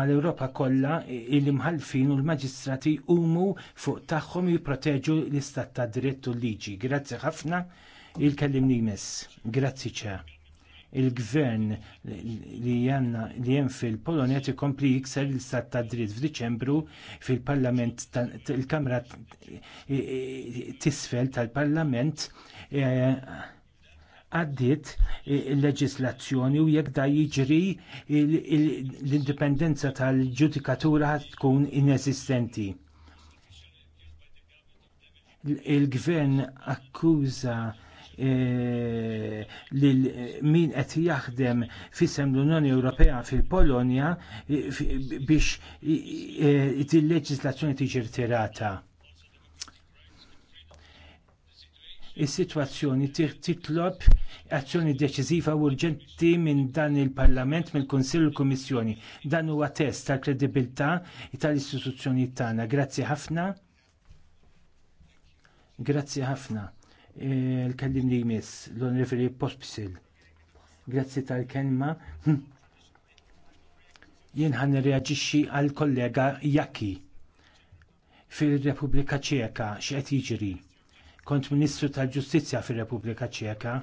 mal-Ewropa kollha il-imħalfin u l-maġistrati umu fuq tagħhom jipproteġu l-istat ta' dritt u l-liġi. Grazzi ħafna il-kellimni mess. Grazzi ċa. Il-gvern li janna li jen fil-Polonja tikompli jikser l-istat ta' dritt f'Diċembru fil-Parlament il-Kamra tisfel tal-Parlament eh, għaddit il-leġislazzjoni u jekk da jiġri l-indipendenza tal-ġudikatura tkun inesistenti. Il-gvern akkuża eh, lil min qed jaħdem fisem l-Unjoni Ewropea fil-Polonja eh, biex eh, il-leġislazzjoni tiġi rtirata is-sitwazzjoni titlob azzjoni deċiżiva u urġenti minn dan il-Parlament, mill-Kunsill u l-Kummissjoni. Dan huwa test tal kredibilità tal-istituzzjoni tagħna. Grazzi ħafna. Grazzi ħafna. Il-kellim e, li jmiss l-Onreferi Pospisil. Grazzi tal-kelma. Jien ħan reaġixxi għal kollega Jaki fil-Repubblika Ċeka x'qed jiġri kont Ministru tal-Ġustizzja fir-Repubblika Ċeka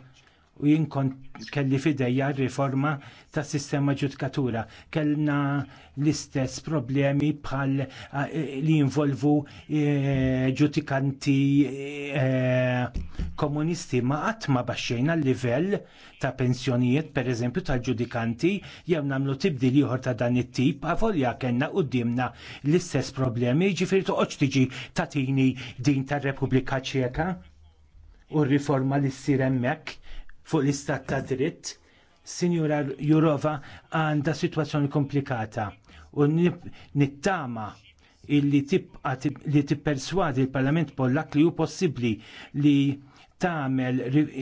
u jinkon kelli fideja riforma ta' sistema ġudikatura. Kellna l-istess problemi bħal e, li jinvolvu e, ġudikanti e, komunisti ma' għatma baxxejna l-livell ta' pensjonijiet, per eżempju, tal-ġudikanti, jew namlu tibdil ieħor ta' dan it-tip, għavolja kellna dimna l-istess problemi, ġifiri toqgħodx tiġi ta' tini din tar-Repubblika Ċeka u riforma li ssir hemmhekk fuq l-istat ta' dritt, Sinjura Jurova għandha sitwazzjoni komplikata u nittama illi li tipperswadi l-Parlament Pollak li hu possibbli li tagħmel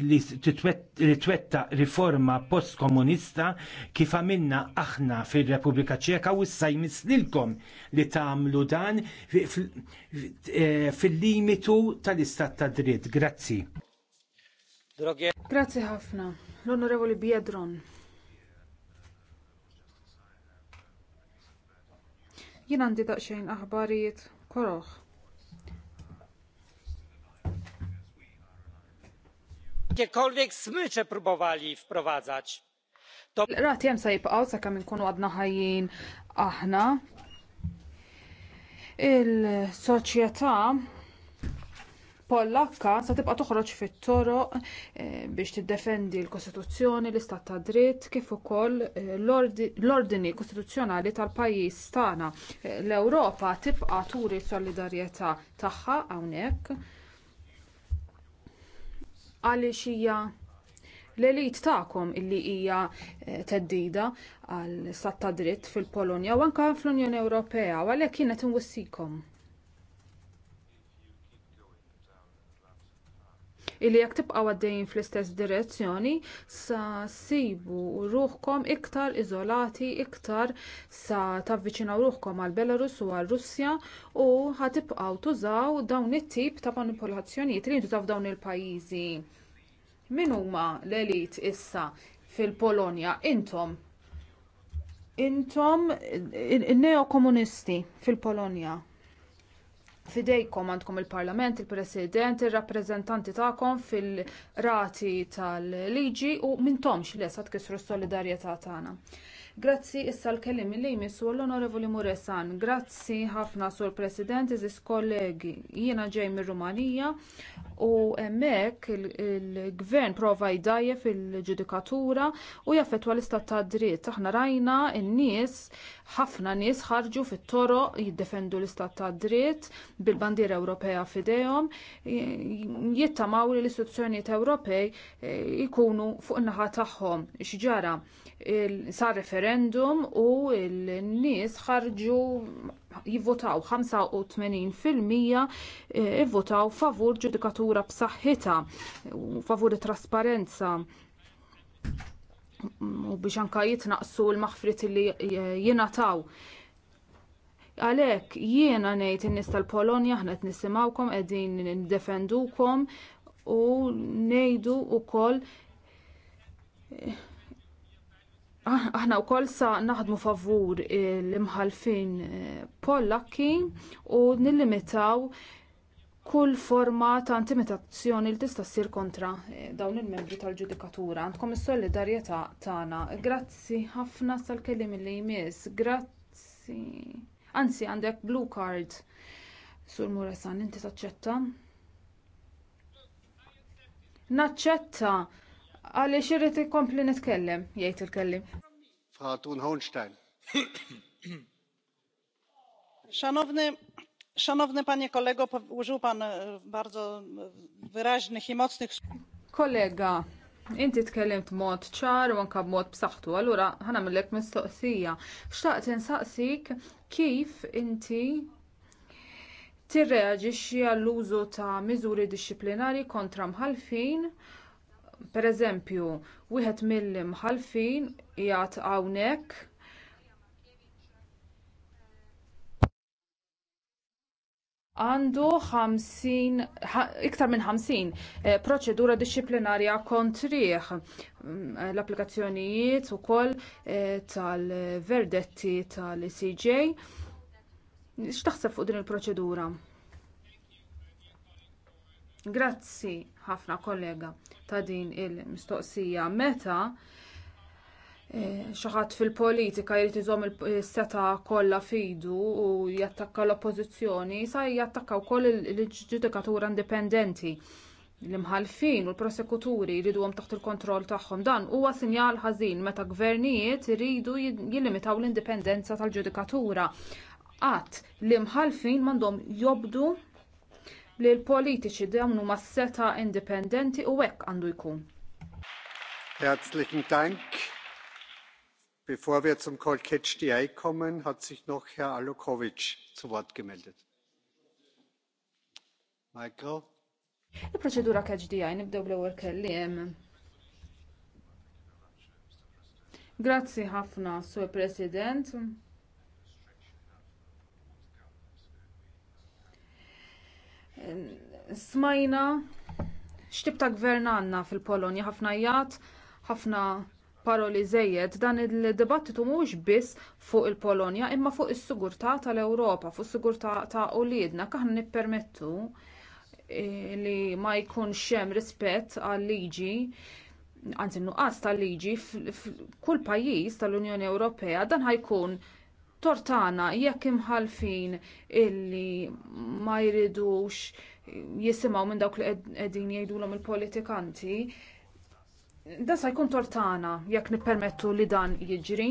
li titwetta riforma postkomunista kif għamilna aħna fir-Repubblika Ċeka u issa jmislilkom li tagħmlu dan eh, fil-limitu tal-istat ta' dritt. Grazzi. Grazie ħafna. L-Onorevoli Biedron. Jien għandi daqsxejn aħbarijiet koroħ. Għiekolwiek smyċe próbowali wprowadzać. Rat jem sa jibqaw sa kam nkunu għadna ħajjien aħna. Il-soċjetà Pollakka sa tibqa' toħroġ fit-toroq eh, biex tiddefendi l-Kostituzzjoni, l-Istat ta' Dritt, kif ukoll eh, l-ordini kostituzzjonali tal-pajjiż tagħna. Eh, L-Ewropa tibqa' turi s-solidarjetà tagħha hawnhekk għaliex hija l-elit tagħkom illi hija teddida għall istat ta' dritt fil-Polonja u anke fl-Unjoni Ewropea u għalhekk kienet inwissikom illi jekk tibqgħu għaddejjin fl-istess direzzjoni sa sibu ruħkom iktar iżolati iktar sa tavviċinaw ruħkom għal Belarus u għal Russja u ħatibqgħu tużaw dawn it-tip ta' manipolazzjonijiet li jintużaw dawn il-pajjiżi. Min huma l-elit issa fil-Polonja intom intom in in neokomunisti fil-Polonja fidejkom għandkom il-Parlament, il-President, il-rappreżentanti tagħkom fil-rati tal-liġi u mintomx li sa tkissru s-solidarjetà tagħna. Grazzi issa l-kellim li jmissu l-Onorevoli Muresan. Grazzi ħafna sur President, iżis kollegi. Jiena ġej mir rumanija u hemmhekk il-gvern prova jdajje fil-ġudikatura u jaffettwa l-istat ta' dritt. Aħna rajna n-nies ħafna nies ħarġu fit-toro jiddefendu l-istat ta' dritt bil-bandiera Ewropea fidejhom jittamaw li l-istituzzjonijiet Ewropej ikunu eh, fuq naħa tagħhom. Xġara sar referendum u l-nies ħarġu jivvotaw 85% eh, ivvotaw favur ġudikatura b'saħħitha, u favur it trasparenza u biex anka jitnaqsu l-maħfrit li jingħataw. Għalhekk jiena ngħid in-nies tal-Polonja aħna qed nisimgħukom qegħdin defendukom u ngħidu wkoll aħna u koll sa naħdmu favur l-imħalfin pollakki u nillimitaw kull forma ta' intimidazzjoni li tista' ssir kontra eh, dawn il-membri tal-ġudikatura. Għandkom is-solidarjetà tagħna. Grazzi ħafna tal-kelim li jmiss. Grazzi. Anzi, għandek blue card. Sur Muresan, inti taċċetta? Naċċetta għaliex irrid ikompli nitkellem, jgħid il-kellim. Fatun Holstein. Xanovni, Szanowny panie kolego, użył pan e, bardzo e, wyraźnych i mocnych Kollega, inti tkellimt mod ċar u anka mod b'saħħtu, allura ħanamillek mistoqsija. Xtaqt insaqsik kif inti tirreaġixxi għall-użu ta' miżuri dixxiplinari kontra mħalfin pereżempju wieħed mill mħalfin jgħat hawnhekk għandu 50, iktar minn 50 eh, proċedura disciplinarja kontrih mm, eh, l-applikazzjonijiet ukoll koll eh, tal-verdetti tal-CJ. X'taħseb fuq din il-proċedura? Grazzi ħafna kollega ta' din il-mistoqsija meta Eh, xaħat fil-politika jrid iżom il-seta kollha fidu u jattakka l-oppożizzjoni, sa jattakka wkoll il-ġudikatura indipendenti l-imħalfin u l-prosekuturi jriduhom taħt il-kontroll tagħhom dan huwa sinjal ħażin meta gvernijiet iridu jillimitaw l-indipendenza tal-ġudikatura. Qatt l-imħalfin m'għandhom jobdu li l-politiċi d-għamnu ma seta indipendenti u hekk għandu jkun. Herzlichen Dank. Bevor wir zum Call Catch the Eye kommen, hat sich noch Herr Alukovic zu Wort gemeldet. Michael? Il-proċedura Catch nibdew l-ewwel Grazzi ħafna, Sur President. Smajna x'tib ta' gvern għandna fil-Polonja ħafna jgħat, ħafna paroli żejjed dan il-dibattitu mhux biss fuq il-Polonja imma fuq is-sigurtà tal-Ewropa, fuq is-sigurtà ta' uliedna aħna nippermettu eh, li ma jkunx hemm rispett għal-liġi anzi nuqqas tal-liġi f'kull pajjiż tal-Unjoni Ewropea dan ħajkun tortana jekk imħalfin illi ma jridux jisimgħu minn dawk li qegħdin jgħidulhom il-politikanti Da sa jkun tortana jekk nippermettu li dan jiġri.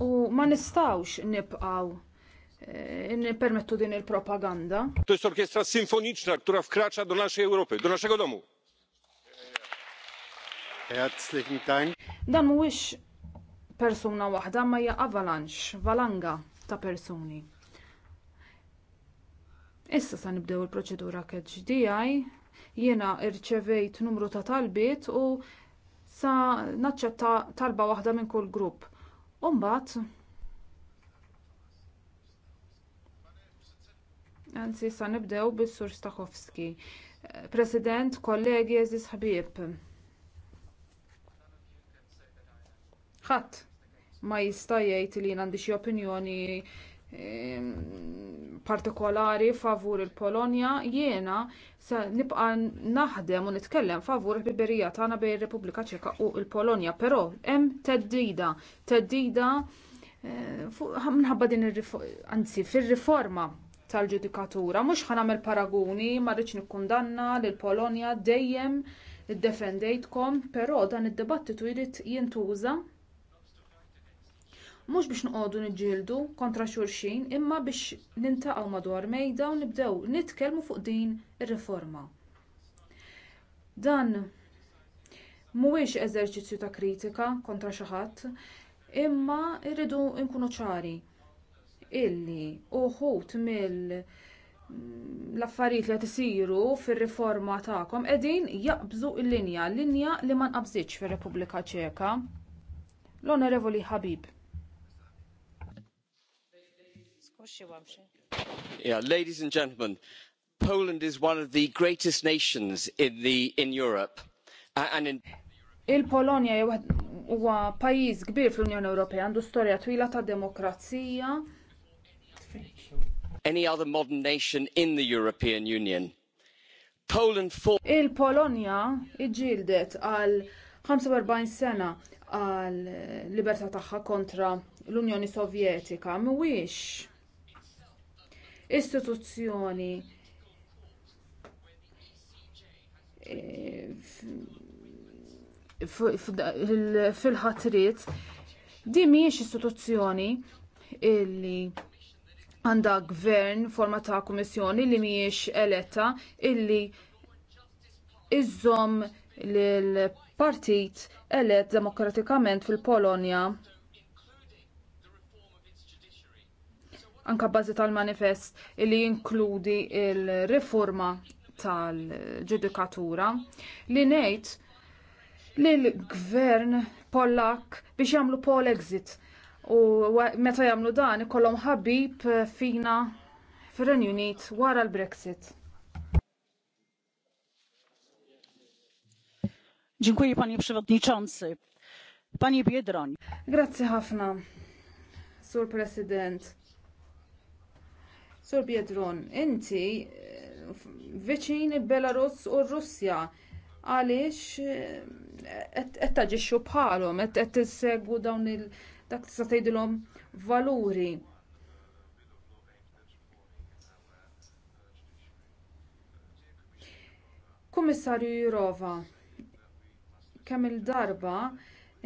U ma nistawx nibqaw eh, nippermettu din il-propaganda. To jest orkiestra symfoniczna, która wkracza do naszej Europy, do naszego domu. Herzlichen Dank. Dan mhuwiex persuna waħda ma hija avalanx, valanga ta' persuni. Issa sa nibdew il-proċedura KHDI, jiena irċevejt numru ta' talbiet u sa naċċetta talba waħda minn kull grupp. Umbat, Anzi, sa nibdew bis-Sur Stachowski. President, kollegi, eżis ħbib. Ħadd ma jista' jgħid li għandi xi opinjoni Ehm, partikolari favur il-Polonja, jiena se nibqa naħdem u nitkellem favur il-biberija tagħna bejn ir-Repubblika Ċeka u l-Polonja, però hemm teddida, teddida eh, minħabba din anzi fir-riforma tal-ġudikatura, mhux ħanamel paraguni, ma rridx nikkundanna lil Polonja dejjem iddefendejtkom, però dan id-dibattitu jrid jintuża mhux biex noqogħdu niġġieldu kontra xulxin imma biex nintaqgħu madwar mejda u nibdew nitkellmu fuq din ir-riforma. Dan mhuwiex eżerċizzju ta' kritika kontra xi ħadd, imma rridu nkunu ċari illi uħut mill l-affarijiet li qed isiru fir-riforma tagħkom qegħdin jaqbżu l-linja, linja li ma nqabżitx fir-Repubblika Ċeka. L-Onorevoli Ħabib. Yeah, ladies and gentlemen, Poland is one of the greatest nations in, the, in Europe. And in... Il-Polonja huwa pajjiż kbir fl-Unjoni Ewropea għandu storja twila ta' demokrazija. Any other modern nation in the European Union. Poland for... Il-Polonja iġildet għal 45 sena għal libertà tagħha kontra l-Unjoni Sovjetika mhuwiex istituzzjoni e, fil-ħatriet di miex istituzzjoni illi għandha gvern forma ta' kummissjoni li mhijiex eletta illi iżżomm l partit elett demokratikament fil-Polonja anka bażi tal-manifest li jinkludi il-riforma tal-ġudikatura li ngħid li l-gvern Pollak biex jagħmlu pol exit u meta jagħmlu dan ikollhom ħabib fina fir-Renju Unit wara l-Brexit. Dziękuję panie przewodniczący. Pani Biedroń. Grazie ħafna, Sur President Sur Biedron, inti eh, viċini il-Belarus u r-Russja għaliex eh, qed taġixxu bħalhom, qed tissegwu dawn il dak tista' tgħidilhom valuri. Kummissarju Jurova, kemm il-darba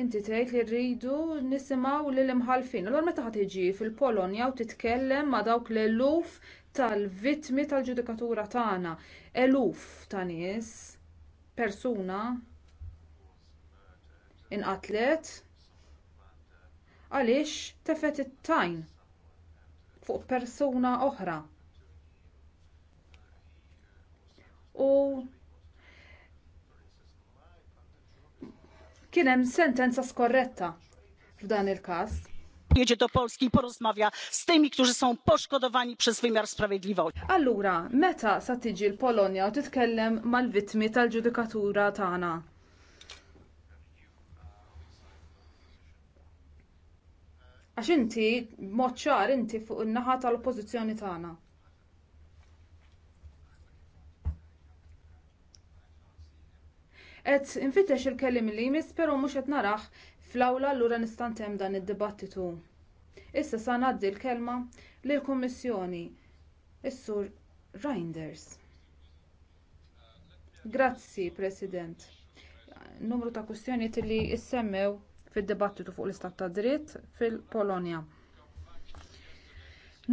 Inti tgħid li rridu nisimgħu lil imħalfin. Allura meta ħadd iġi fil-Polonja u titkellem ma' dawk l-eluf tal-vittmi tal-ġudikatura tagħna, eluf ta' nies, persuna inqatlet għaliex tefet it-tajn fuq persuna oħra. U kien hemm sentenza skorretta f'dan il-każ. Jedzie do Polski i porozmawia z tymi, którzy są poszkodowani przez wymiar sprawiedliwości. Allura, meta sa tiġi l polonia u titkellem mal-vittmi tal-ġudikatura tagħna? Għax inti, moċċar inti fuq in-naħa tal-oppożizzjoni tagħna. Qed infittex il kellim li jmiss però mhux qed naraħ fl-awla allura nistantem dan id-dibattitu. Issa sa ngħaddi l-kelma lill-Kummissjoni is-Sur Reinders. Grazzi, President. Numru ta' kwistjonijiet li issemmew fid-dibattitu fuq l-istat ta' dritt fil-Polonja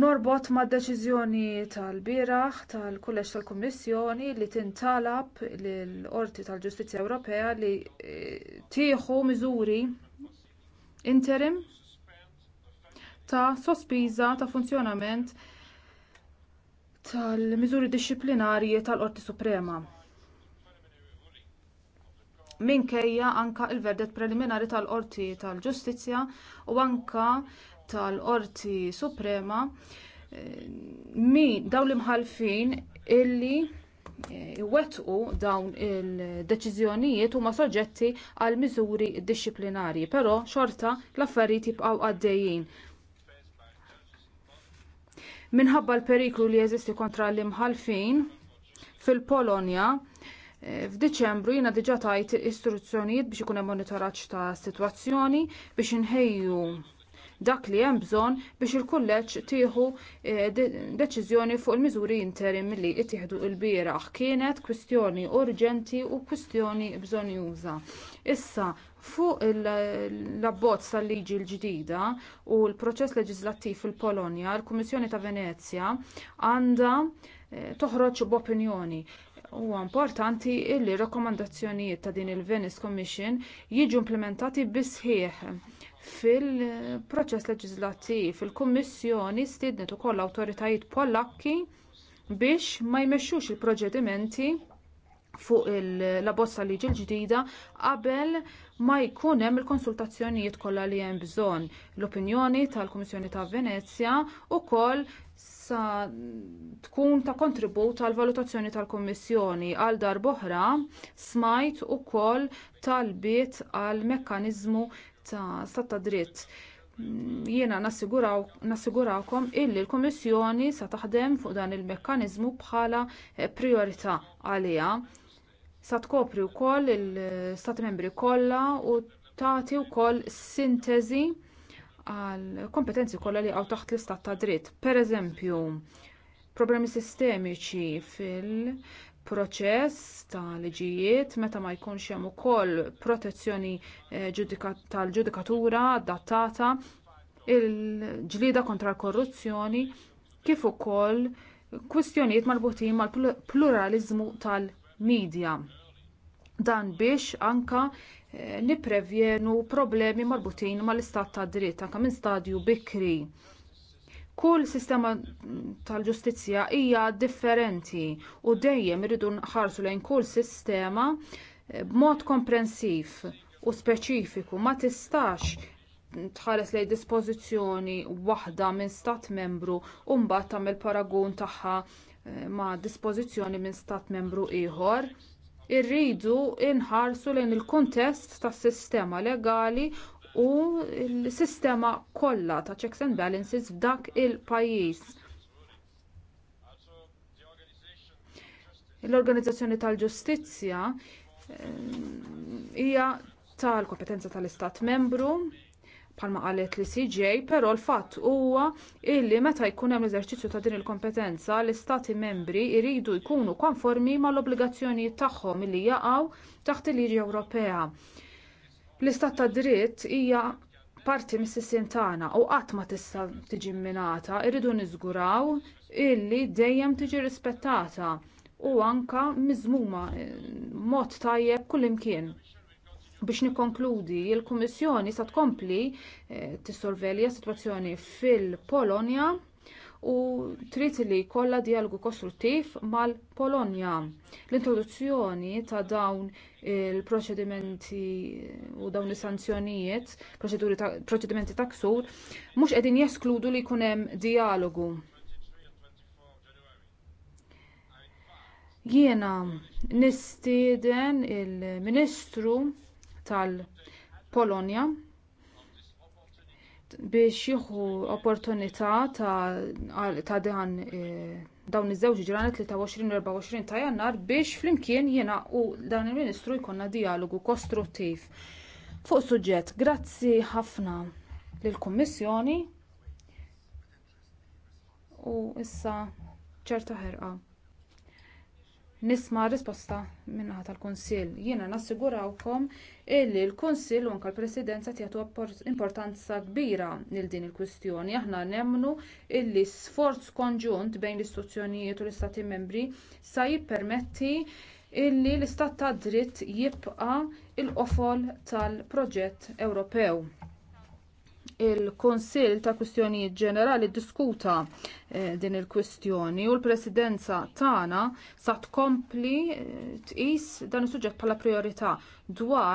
norbot mad deċiżjoni tal-bieraħ tal-kulleġġ tal-Kummissjoni li tintalab lill qorti tal-Ġustizzja Ewropea li eh, tieħu miżuri interim ta' sospiża ta' funzjonament tal-miżuri dixxiplinarji tal-Qorti Suprema. Minkejja anke l verdet preliminari tal-Qorti tal-Ġustizzja u anke tal-Qorti Suprema eh, min dawn l-imħalfin illi eh, iwettqu dawn il-deċiżjonijiet huma soġġetti għal miżuri dixxiplinarji, però xorta l-affarijiet jibqgħu għaddejjin. Minħabba l-periklu li jeżisti kontra l-imħalfin fil-Polonja, eh, F'Diċembru jiena diġà tajt istruzzjonijiet biex ikun hemm monitoraġġ ta' sitwazzjoni biex inħejju dak li hemm bżonn biex il-kulleġġ tieħu eh, deċiżjoni fuq il-miżuri interim li ittieħdu l-bieraħ. Kienet kwistjoni urġenti u kwistjoni bżonjuża. Issa fuq l-abbozz tal-liġi l-ġdida u l-proċess leġislattiv fil-Polonja, l-Kummissjoni ta' Venezja għandha eh, toħroġ b'opinjoni huwa importanti li r rakkomandazzjonijiet ta' din il-Venice Commission jiġu implementati bisħieħ fil-proċess leġislattiv il-kummissjoni stiednet ukoll l-awtoritajiet pollakki biex ma jmexxux il-proċedimenti fuq il bozza liġi l-ġdida qabel ma jkun hemm il-konsultazzjonijiet kollha li hemm bżonn. L-opinjoni tal-Kummissjoni ta' Venezja wkoll sa tkun ta' kontribut għall valutazzjoni tal-Kummissjoni għal darboħra smajt ukoll talbiet għal mekkaniżmu ta' stat ta' dritt. Jiena nassigurawkom illi l-Komissjoni sa taħdem fuq dan il-mekkaniżmu bħala eh, priorità għaliha. Sa tkopri wkoll il-Stati membri kollha u tagħti wkoll sintesi għal kompetenzi kollha li għaw taħt l-istat ta' dritt. Pereżempju, problemi sistemiċi fil proċess ta' liġijiet meta ma jkunx hemm ukoll protezzjoni eh, tal-ġudikatura adattata il-ġlida kontra l-korruzzjoni kif ukoll kwistjonijiet marbutin mal-pluraliżmu tal-midja. Dan biex anke eh, nipprevjenu problemi marbutin mal-istat tad dritt anke minn stadju bikri Kull sistema tal-ġustizzja hija differenti u dejjem irridu nħarsu lejn kull sistema eh, b'mod komprensiv u speċifiku ma tistax tħares lejn dispożizzjoni waħda minn stat membru u mbagħad tagħmel paragun tagħha eh, ma' dispożizzjoni minn stat membru ieħor irridu nħarsu lejn il-kuntest tas-sistema legali u l-sistema kollha ta' checks and balances f'dak il-pajjiż. L-Organizzazzjoni tal-Ġustizzja eh, hija tal-kompetenza tal-Istat membru palma qalet li CJ, però l-fatt huwa illi meta jkun hemm l-eżerċizzju ta' din il-kompetenza, l-istati membri jridu jkunu konformi mal obbligazzjonijiet tagħhom li jaqgħu taħt il-liġi Ewropea. L-istat ta' dritt hija parti mis-sissin tagħna u qatt ma tista' tiġi minata, irridu niżguraw illi dejjem tiġi rispettata u anke miżmuma mod tajjeb kullimkien biex nikkonkludi il-Kummissjoni sa tkompli eh, tissorvelja s-sitwazzjoni fil-Polonja u trid li jkollha dijalogu kostruttiv mal-Polonja. L-introduzzjoni ta' dawn il-proċedimenti u dawn is-sanzjonijiet, proċedimenti ta' ksur, mhux qegħdin jeskludu li jkun hemm dijalogu. Jiena nistieden il-Ministru tal-Polonja biex jieħu opportunità ta' dan e, dawn iż-żewġ ġranet 23-24 ta' jannar biex flimkien jingħaqqu dan il-Ministru jkollna dijalogu kostruttiv fuq suġġett. Grazzi ħafna lill-Kummissjoni u issa ċerta ħerqa nisma risposta minnaħa tal-Kunsill. Jiena nassigurawkom illi l-Kunsill u anke l-Presidenza tijatu importanza kbira lil din il-kwistjoni. Aħna nemmnu illi sforz konġunt bejn l-istituzzjonijiet u l-Istati membri sa jippermetti illi l-istat ta' dritt jibqa' il-qofol tal-proġett Ewropew il-Konsil ta' Kwistjonijiet Ġenerali ddiskuta eh, din il-kwistjoni u l-Presidenza tagħna sa tkompli eh, tqis dan is-suġġett bħala priorità dwar